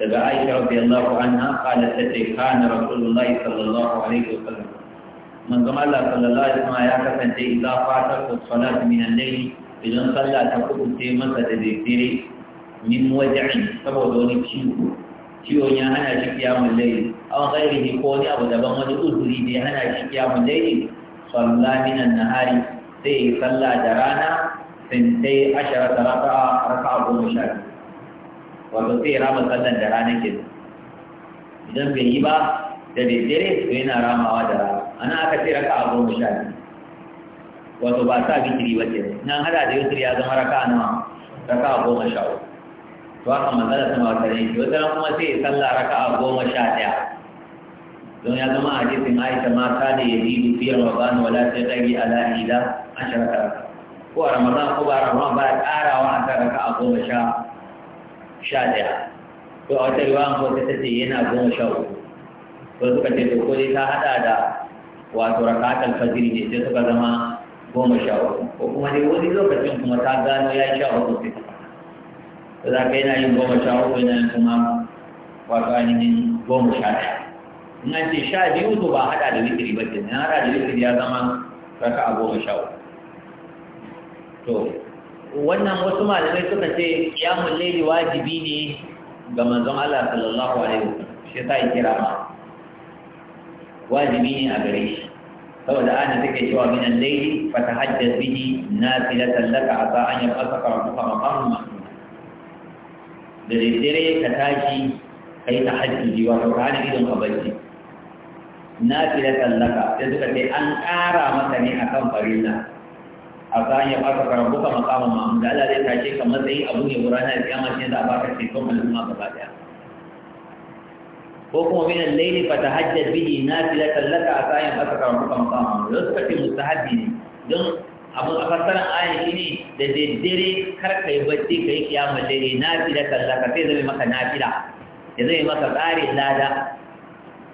تبع عائشة رضي الله عنها قالت التي كان رسول الله صلى الله عليه وسلم من زمان الله صلى الله عليه وسلم يا كفن إذا فاتته الصلاة من الليل إذا صلى تقوم في مسجد الديري min waje'in saboda wani ciwo ciwon ya hana shi kiyamun laili an ghairihi ko wani abu daban wani uzuri da ya hana shi kiyamun laili salla minan nahari sai yi salla da rana sintai ashara ta raka'a raka'a goma sha biyu wato sai ya rama sallan da rana ke idan bai yi ba da daddare to yana ramawa da rana ana aka ce raka'a goma sha biyu wato ba sa bitiri ba ce nan hada da yusri ya zama raka'a nawa raka'a goma sha uku to haka manzala sama ta ne to da kuma sai sallah raka'a goma sha daya, don ya zama a hadisin Aisha ma ta da yazidu fi Ramadan wala ta dari ala ila asharaka ko a Ramadan ko ba Ramadan ba karawa a kan raka'a goma sha sha ɗaya to a wata riwaya ko ta ce yana goma sha uku to suka ce to ko dai ta hada da wato raka'atul fajr ne sai suka zama goma sha uku ko kuma dai wani lokacin kuma ta gano ya sha uku sai da za ka yana yin goma sha uku yana yin kuma wato ainihin goma sha ɗaya in an ce sha biyu to ba haɗa da litiri ba ke, na haɗa da litiri ya zama raka a goma sha to wannan wasu malamai suka ce kiyamun laili wajibi ne ga manzon Allah sallallahu alaihi Wa wasallam shi sa ya kira ma wajibi ne a gare shi saboda ana take cewa min al-layli fatahaddath bihi nafilatan laka asa an yabqa rabbuka maqaman mahmud da daidare ka tashi ka yi tahajjudi wato ka hana idon ka bacci na fila tallaka sai suka ce an ƙara masa ne akan farilla a kan ya baka karambu ka makama mamu da Allah zai tashe ka matsayi abu ne wura na kiyama shi a baka cikin al'umma ba daya ko kuma min al-layli fa tahajjad bihi nafilatan tallaka a kan ya baka karambu ka makama mamu da suka ce mustahabbi ne don abu a fassara aya shi ne da daddare kar ka yi bacci ka yi kiyamar dare na fila ka sai zai maka na fila ya zai maka tsarin lada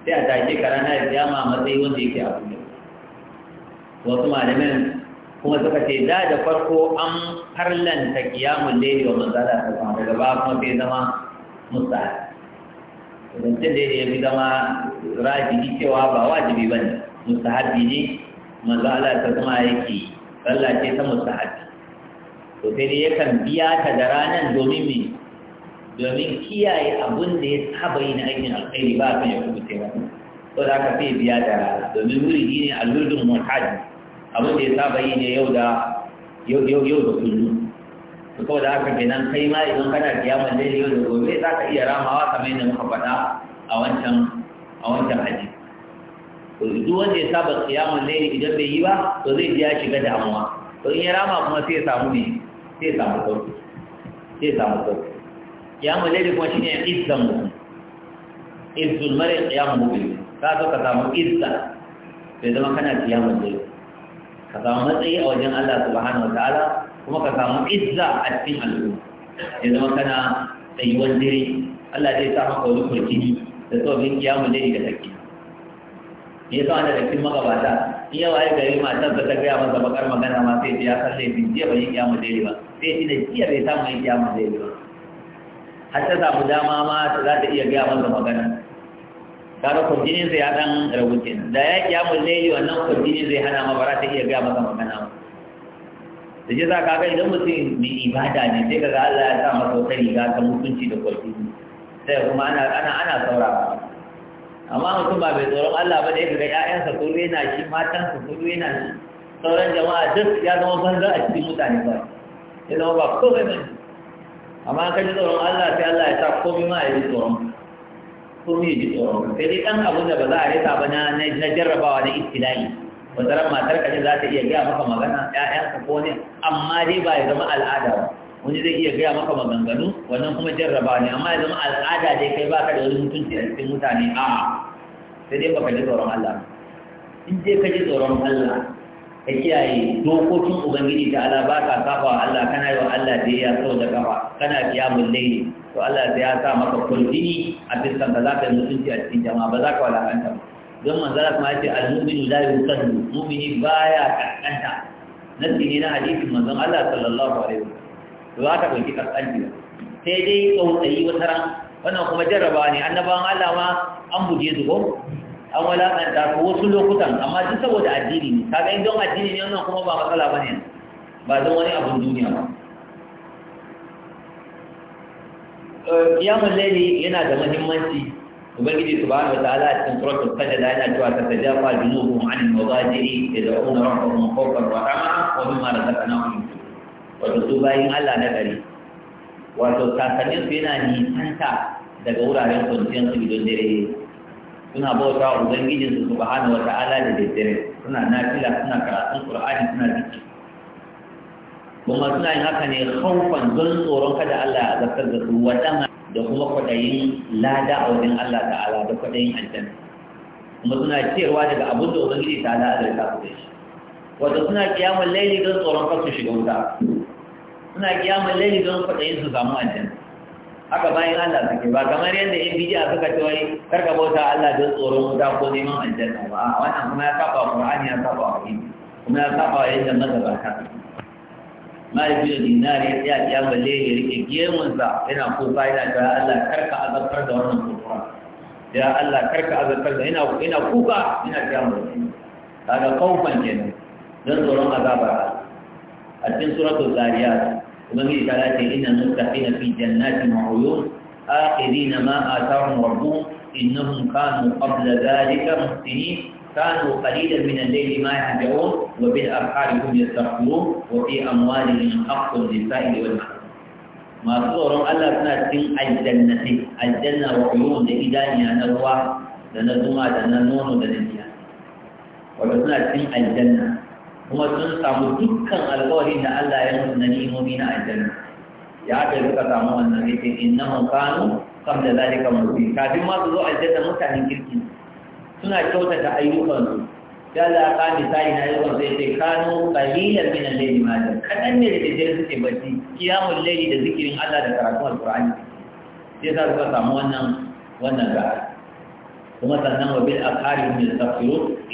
sai a tashi ka ranar kiyama matsayi wanda yake a kullum wasu malamin kuma suka ce da da farko an farlanta kiyamun dare wa manzala ta kuma daga ba kuma sai zama Musa zancen da ya fi zama rajini cewa ba wajibi ba ne musa ne manzala ta kuma yake sallah ce ta mustahabi to sai dai yakan biya ta da ranar domin me domin kiyaye abun da ya saba yi na aikin alkhairi ba ka ya kuma ba, to da aka sai biya da rana domin wuri ne alludin mutaji abun da ya saba yi ne yau da yau yau da kullum to kawai da haka kenan kai ma idan kana kiyama dai yau da gobe za ka iya ramawa kamar yadda muka faɗa a wancan a wancan hadisi duk wanda ya saba kiyamun laili idan bai yi ba to zai ji ya shiga damuwa to in ya rama kuma sai ya samu ne sai ya samu sauki sai ya samu sauki kiyamun laili kuma shine izzan mutum izzul mare kiyamun mutum ka so ka samu izza sai zama kana kiyamun laili ka samu matsayi a wajen Allah subhanahu wataala kuma ka samu izza a cikin al'umma sai zama kana tsayuwar dare Allah zai sa maka wani kurkini da tsobin kiyamun laili da take ya sa wanda da cikin magabata in yawa ya gari ma san ta gaya masa bakar magana ma sai ya san laifin jiya ba yin kiyama daidai ba sai ya da jiya bai samu yin kiyama daidai ba har ta samu dama ma za ta iya gaya masa magana ko kwarjinin zai ya dan rubuce da ya kiyama daidai wannan kwarjinin zai hana ma ba za ta iya gaya masa magana da ji za ka ga idan mutum mai ibada ne sai ka ga Allah ya sa masa wata riga ta mutunci da kwalfi sai kuma ana ana ana amma mutum ba bai tsoron Allah ba da ya ga 'ya'yansa ko rena shi matansa ko rena shi sauran jama'a duk ya zama banza a cikin mutane ba ya zama ba komai ba amma ka ji tsoron Allah sai Allah ya sa komai ma ya ji tsoron komai ya ji tsoron sai dai ɗan abin da ba za a yi ba na na jarrabawa na ibtila'i wata ran matar ka za ta iya gaya maka magana ‘ya’yansa ko ne amma dai ba ya zama al'ada ba wani zai iya gaya maka maganganu wannan kuma jarraba ne amma ya zama al'ada dai kai baka da wani mutunci a cikin mutane a sai dai baka ji tsoron Allah in dai ka ji tsoron Allah ka kiyaye dokokin ubangiji ta Allah ba ka saba wa Allah kana yi wa Allah da ya sau da kafa kana biya mullai to Allah ya sa maka kuldini a fiskan ka za ka yi mutunci a cikin jama'a ba za ka walakanta ba don manzara kuma ya ce al-mu'minu la yusaddu mu'mini baya kaskanta nasi ne na hadisin manzon Allah sallallahu alaihi wasallam za ta ɗauki ƙasƙanci ba sai dai tsautsayi wata ran wannan kuma jarraba ne annabawan Allah ma an buje su ko an walaƙanta ko wasu lokutan amma duk saboda addini ne ta in don addini ne wannan kuma ba matsala ba ne ba don wani abin duniya ba kiyamun eh, laili yana da mahimmanci ubangiji subhanahu wataala a cikin suratul sajda yana cewa tatajafa junubuhum anil mazaji'i yad'una rabbahum khawfan wa tama'a wa mimma razaqnahum yunfiqun wato su bayin Allah na gari wato kakannin su yana nisanta daga wuraren kwanciyar su gidan dare suna bauta wa ubangijin su subhanahu wata ta'ala da daddare suna nafila suna karatun qur'ani suna zikiri kuma suna yin haka ne khaufan don tsoron kada Allah ya zartar da su wadama da kuma kwaɗayin lada a wajen Allah ta'ala da kwaɗayin aljanna kuma suna ciyarwa daga abin da ubangiji ta ala azarta su da shi wato suna kiyamun laili don tsoron kar su shiga wuta suna kiyamun laili don kwaɗayin su samu aljanna haka bayan Allah suke ba kamar yadda yan bidiya suka ce wai karka bauta Allah don tsoron wuta ko neman aljanna ba wannan kuma ya saba wa Qur'ani ya saba wa hadisi kuma ya saba wa yadda magabata malibu da dinari ya tsaya kiyamun laili ya rike gemunsa yana kuka yana cewa Allah karka azabtar da wannan kuka ya Allah karka azabtar da yana kuka yana kiyamun laili kaga kaufan kenan don tsoron azabar Allah a cikin suratul zariyat ubangiji ta lafi inna muttaqina fi jannatin wa uyun akhirina ma atahum rabbuhum innahum kanu qabla dhalika كانوا قليلا من الليل ما يهجعون وبالأبحار هم يستغفرون وفي أموالهم حق للسائل والمحروم ما صورهم ألا سنة الجنة الجنة وعيون لإدانيا نروى لنزمة لننون لنبيان وبسنة الجنة kuma sun samu dukkan alƙawarin da Allah ya nuna na nihomi na aljanna ya aka suka samu wannan yake innahum kanu kam da zalika mursi kafin ma su zo aljanna mutanen kirki suna kyautata ayyukansu ya za ka misali na yi wanzu ya ce kanu kalilan min al-layli ma da ne da dare suke bacci kiyamul layli da zikirin Allah da karatun alqur'ani sai za suka samu wannan wannan ga'a kuma sannan wa bil akari min al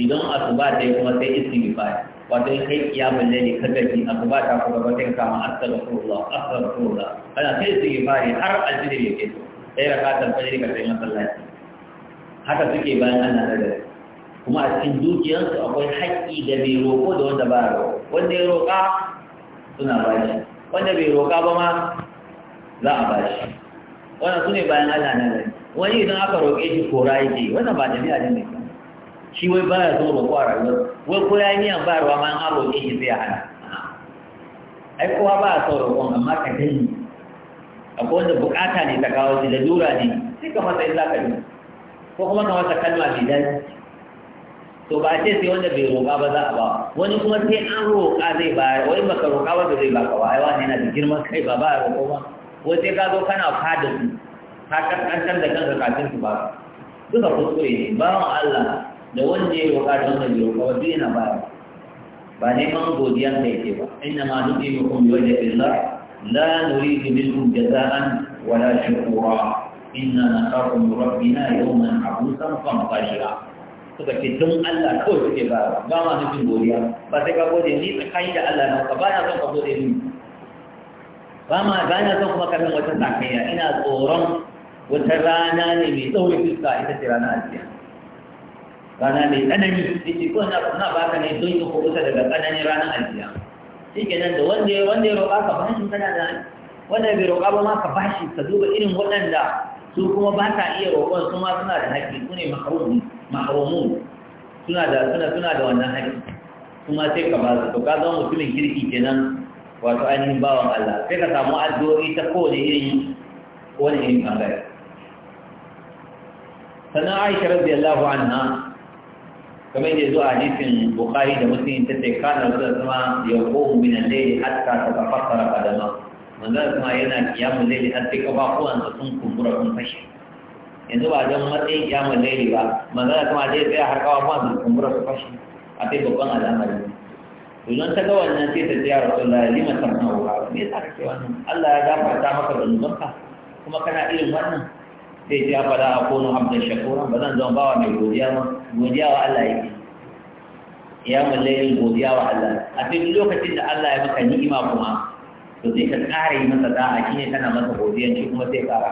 idan asuba dai kuma sai istighfar wato ya kai kiyamun laili kada ki a gaba ta kuma ba kai kama astaghfirullah kula ana sai su yi bari har aljiri yake ke sai san fajr ka sai masallaci haka suke bayan Allah da dare kuma a cikin dukiyarsu akwai haƙƙi da bai roƙo da wanda ba roƙo wanda ya roƙa suna ba shi wanda bai roƙa ba ma za a ba shi wannan su ne bayan Allah na dare wani idan aka roƙe shi kora yake wannan ba jami'a ne ba shi wai ya zo roƙo a rayuwar wai ko ya yi niyan ruwa ma an ne shi zai hana ai kowa ba a son amma ka yi. akwai wanda buƙata ne ta kawo shi da dura ne sai ka masa illa yi ko kuma ka masa kalma mai daɗi to ba a ce sai wanda bai roƙa ba za a ba wani kuma sai an roƙa zai ba? wai baka roƙa ba zai ka ba ai wani yana da girman kai ba ba a roƙo ba wai sai ka zo kana fadin su ka kankan da kanka kafin su ba duka kuskure ne bawan Allah da wanda ya roƙa da wanda bai roƙa ba duk yana baya ba neman godiyan kai ke ba inna ma duk yi hukum yau da billah la nuridu minkum jaza'an wala shukura inna na kafin rabbina yawman abusan famfashiya suka ce tun Allah kawai suke ba ba ma nufin godiya ba sai ka gode ni tsakani da Allah na ka ba na son ka gode ni ba ma ba na son kuma kafin wata sakayya ina tsoron wata rana ne mai tsawon fuska ita ce rana aljiya rana mai tsanani ke kowane abu na ba ka ne don yin kuɓuta daga tsananin ranar aljiya shi kenan da wanda ya wanda ya roƙa ka shi kana da wanda bai roƙa ba ma ka shi ka duba irin waɗanda su kuma ba ta iya roƙon su ma suna da haƙƙi su ne makaromu suna da suna suna da wannan haƙƙi kuma sai ka ba su to ka zama mutumin kirki kenan wato ainihin bawan Allah sai ka samu addu'o'i ta kowane irin wani irin bangare sannan Aisha radiyallahu anha kamar da zuwa hadisin bukhari da muslim ta ce kana rasul zama ya kohu min al-layl hatta tatafakkara qadama manzon kuma yana kiyamu layl har sai kafafuwan sa sun kumbura sun fashe yanzu ba don matsayin kiyamu layl ba manzon kuma zai tsaya har kafafuwan sun kumbura su fashe a kai babban al'amari to ta ga wannan sai ta ce ya rasulullah lima ba me ka kake wannan Allah ya gafarta maka da zanubanka kuma kana irin wannan sai ya fada a konu hamdan shakura ba zan zama bawa mai godiya ba godiya wa Allah yake ya mallai godiya wa Allah a cikin lokacin da Allah ya maka ni'ima kuma to sai ka ƙara yi masa da'a shine kana masa godiya shi kuma sai ƙara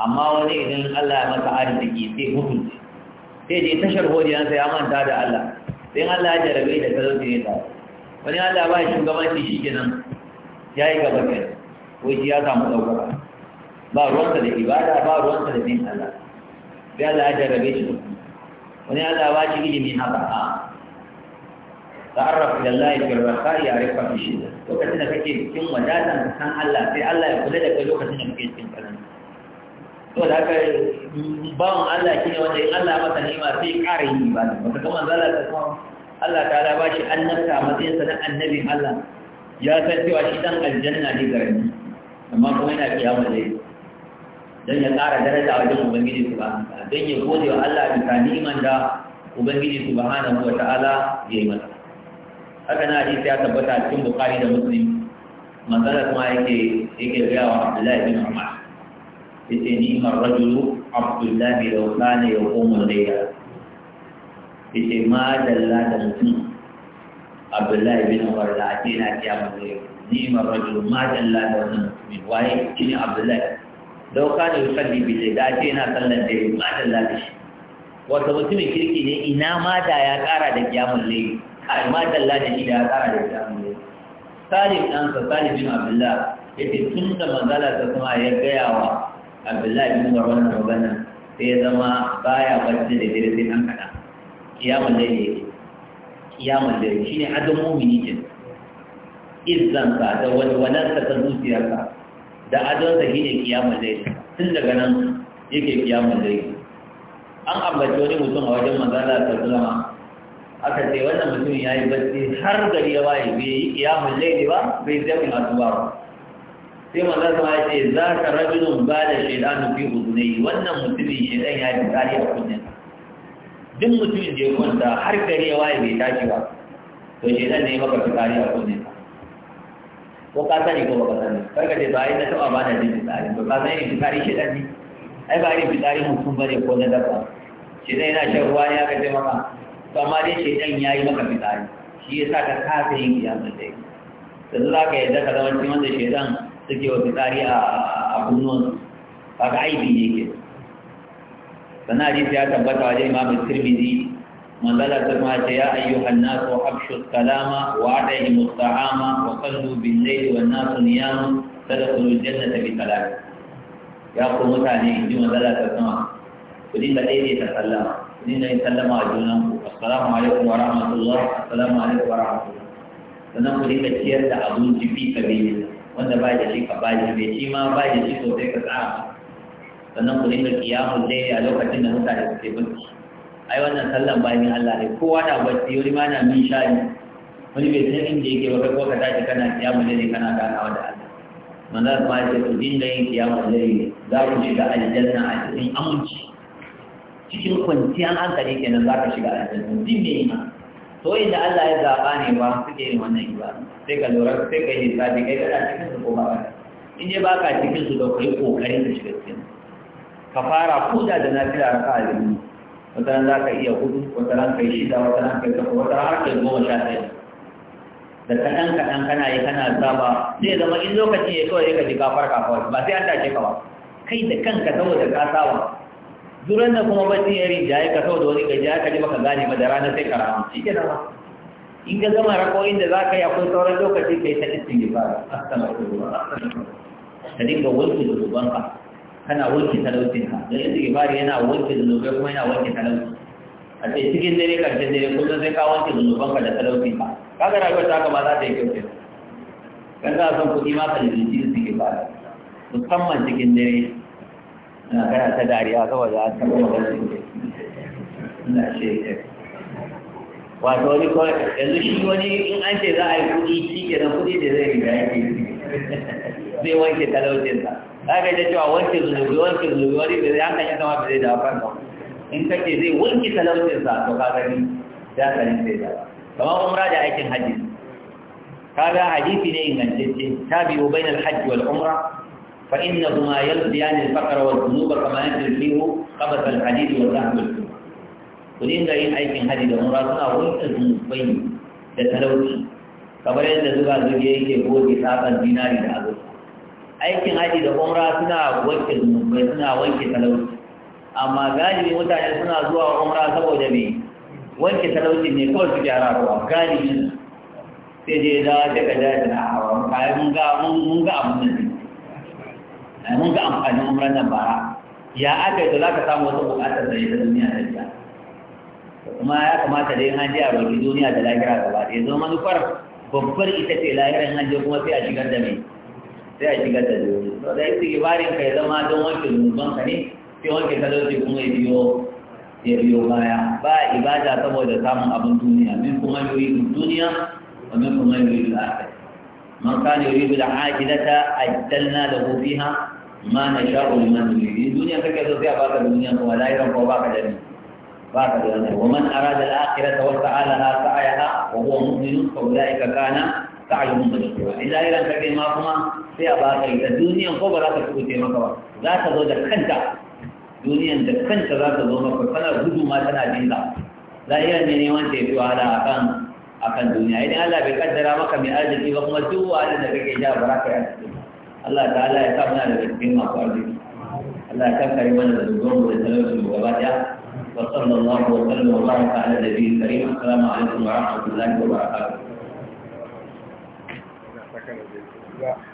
amma wani idan Allah ya masa arziki sai mutunci sai je tashar godiya sai ya manta da Allah sai Allah ya jarabe da talauci ne ta wani Allah ba shi shugabanci shi kenan ya yi gaba kenan ko ya samu ɗaukaka ba ruwansa da ibada ba ruwansa da bin Allah sai Allah ya jarrabe shi wani Allah ba shi ilimi haka a ah, ta'arraf ila Allah fi raqa ya arifa fi shida lokacin da kake cikin wadatan san Allah sai Allah ya kula da kai lokacin da kake cikin tsanani to da haka bawan Allah shine wanda in Allah masa ni'ima sai ƙara yin ibada wata kuma zalla ta kuma Allah ta'ala ba shi annabta matsayin sa na annabin Allah ya san cewa shi dan aljanna ne garin amma kuma yana kiyama da don ya ƙara daraja wajen ubangiji su ba don ya gode wa Allah bisa ni'iman da ubangiji su ba hana wa ta'ala ya yi masa haka na hadisi ya tabbata cikin bukari da muslim matsalar kuma yake yake gaya wa abdullahi bin umar yace ni'mar rajulu abdullahi da law kana yaqumu al-layla yace ma dalla da mutum abdullahi bin umar da ake na kiyama Ni ni'mar rajulu ma dalla da mutum waye shine abdullahi Dauka ka ne yusalli bil da ce yana sallan dare ma da lafiya wato mutumin kirki ne ina ma da ya kara da kiyamul layl kai ma da lafiya shi da ya kara da kiyamul layl salim dan sa salim bin abdullah yace tun da manzala ta kuma ya gaya wa abdullah bin umar wannan magana sai ya zama baya bacci da dare sai an kada kiyamul ne. yake kiyamul layl shine adam mu'mini ke ka da walwalarsa ta zuciyarka da adonsa shi ne kiyamun zai tun daga nan yake kiyamun zai an ambaci wani mutum a wajen manzala ta zama aka ce wannan mutum ya yi barci har gari ya waye bai yi kiyamun ne ba bai zai masu ba sai manza sama ya ce za ka rajulun ba da shaidanu fi huzunai wannan mutumin shaidan ya yi tsari a kunnen duk mutumin da ya kwanta har gari ya waye bai tashi ba to shaidan ne maka tsari a kunnen ko ka sani ko baka sani karka ce ba na taɓa ba na jin fitsari to ka sani fitsari shi ɗan ne ai ba irin fitsari mutum bane ko na dabba shi dai yana shan ruwa ya gaje maka to amma dai shi ɗan ya yi maka fitsari shi yasa sa ka kasa yin kiyamun da yake yanzu za ka yadda ka zama cikin wanda shi ɗan suke wa fitsari a kunnuwan ba ka aibi ne ke sannan hadisi ya tabbata wajen imamu tirmidhi مازال تسمع يا أيها الناس وحبشوا الكلام وعدهم الطعام وصلوا بالليل والناس نيام تدخلوا الجنة بسلام يا قوم متاني دي مازال تسمع ودين لدي تسلم ودين يسلم علينا السلام عليكم ورحمة الله السلام عليكم ورحمة الله sannan ku dinga ciyar da abinci fi kabili wanda ba da shi ka ba da mai shi ma ba da shi sosai ka tsara sannan ku dinga kiyamun dai a lokacin da mutane suke barci ai wannan sallan bayan Allah ne kowa na bacci wani ma na min shayi wani bai san inda yake ba kai ko ka tashi kana kiyamu ne kana ganawa da Allah manzon ma ya ce ku dinga yin kiyamu ne za ku shiga aljanna a cikin aminci cikin kwanciyar hankali kenan za ka shiga aljanna din ne ma to inda Allah ya zaba ne ba suke yin wannan ibada sai ka lura sai ka yi hisabi kai kana cikin su ko ba in je baka cikin su da kai kokarin ka shiga cikin ka fara kuda da nafila raka'a biyu wata nan za ka iya hudu wata nan kai shida wata nan kai yi wata ran har ka goma sha ɗaya da kaɗan kaɗan kana yi kana saba zai zama in lokacin ya kawai ka ji kafar kafar ba sai an tace ka ba kai da kanka saboda ka saba duran da kuma bacci ya rinjaye ka saboda wani gajiya ka ji baka gane ba da rana sai ka rama shi ke nama in ka gama rakoyin da za ka yi akwai sauran lokaci ka yi ta listin gifara astagfirullah ka dinga wanke da ka. kana wanke talaucin ka da yake bari yana wanke zunubai kuma yana wanke talauci a ce cikin dare karshen dare kullum sai ka wanke zunubanka da talaucin ka kaga rayuwar ta kama za ta yi kyau kan za a san kuɗi ma ka lalace su ke ba musamman cikin dare na kana ta dariya saboda an taɓa maganin na shekar wato wani kawai yanzu shi wani in an ce za a yi kuɗi shi ke nan kuɗi da zai riga yake zai wanke talaucinsa kaga da cewa wanke zunubi wanke zunubi wani da zai hankali sama ba zai da kan in kake zai wanke talaucinsa to ka gani da sanin zai da kamar umra da aikin hajji kaga hadisi ne ingantacce tabi'u bainal hajji wal umra fa innahuma yalziyan al faqra wal dhunuba kama yajlihu qabas al hadid wa dhahab al kuma ku dinga yin aikin hajji da umra suna wanke zunubai da talauci kamar yadda zuba zuge yake goge sakan dinari da azumi aikin haji da umra suna wanke mai suna wanke talauci amma galibi mutane suna zuwa umra saboda mai wanke talauci ne kawai su gyara ruwa galibi sai dai da ta gaja ah, na hawa kayan mun ga mun ga abin nan ah, mun ga amfanin umran nan bara ya aka yi to za ka samu wata bukatar da ya duniya da ita kuma ya kamata dai yin hajji a roƙi duniya da lahira gaba ɗaya zama manufar babbar ita ce lahirar an kuma sai a shigar da mai sai a shigar da jori to da yake gibarin kai zama don wanke zunuban ka ne sai wanke talauci kuma ya biyo ya biyo baya ba ibada saboda samun abin duniya min kuma yuri duniya wa min kuma yuri al-akhirah man kana yuridu al-ajilata ajjalna lahu fiha ma na sha'u liman yuridu duniya kake so sai a baka duniya kuma lahiran ko baka dani. da ni بعد ذلك ومن أراد الآخرة وسعى لها سعيها وهو مؤمن ka كان ka a yi musu da cewa in lahiran ka ma kuma sai a baka ita duniyan ko ba za ka kuɓuce maka ba za ta zo da kanta duniyan da kanta za ta zo maka kana gudu ma tana jinka lahiran ne neman ta yi wahala a kan a kan duniya idan Allah bai kaddara maka mai arziki ba kuma duk wahalar da kake ja ba za ka yi arziki Allah ta'ala ya sa muna daga cikin masu arziki Allah ya kankare mana da zuwan da talauci gaba ɗaya وصلى الله وسلم وبارك على النبي الكريم السلام عليكم ورحمه الله وبركاته Yeah.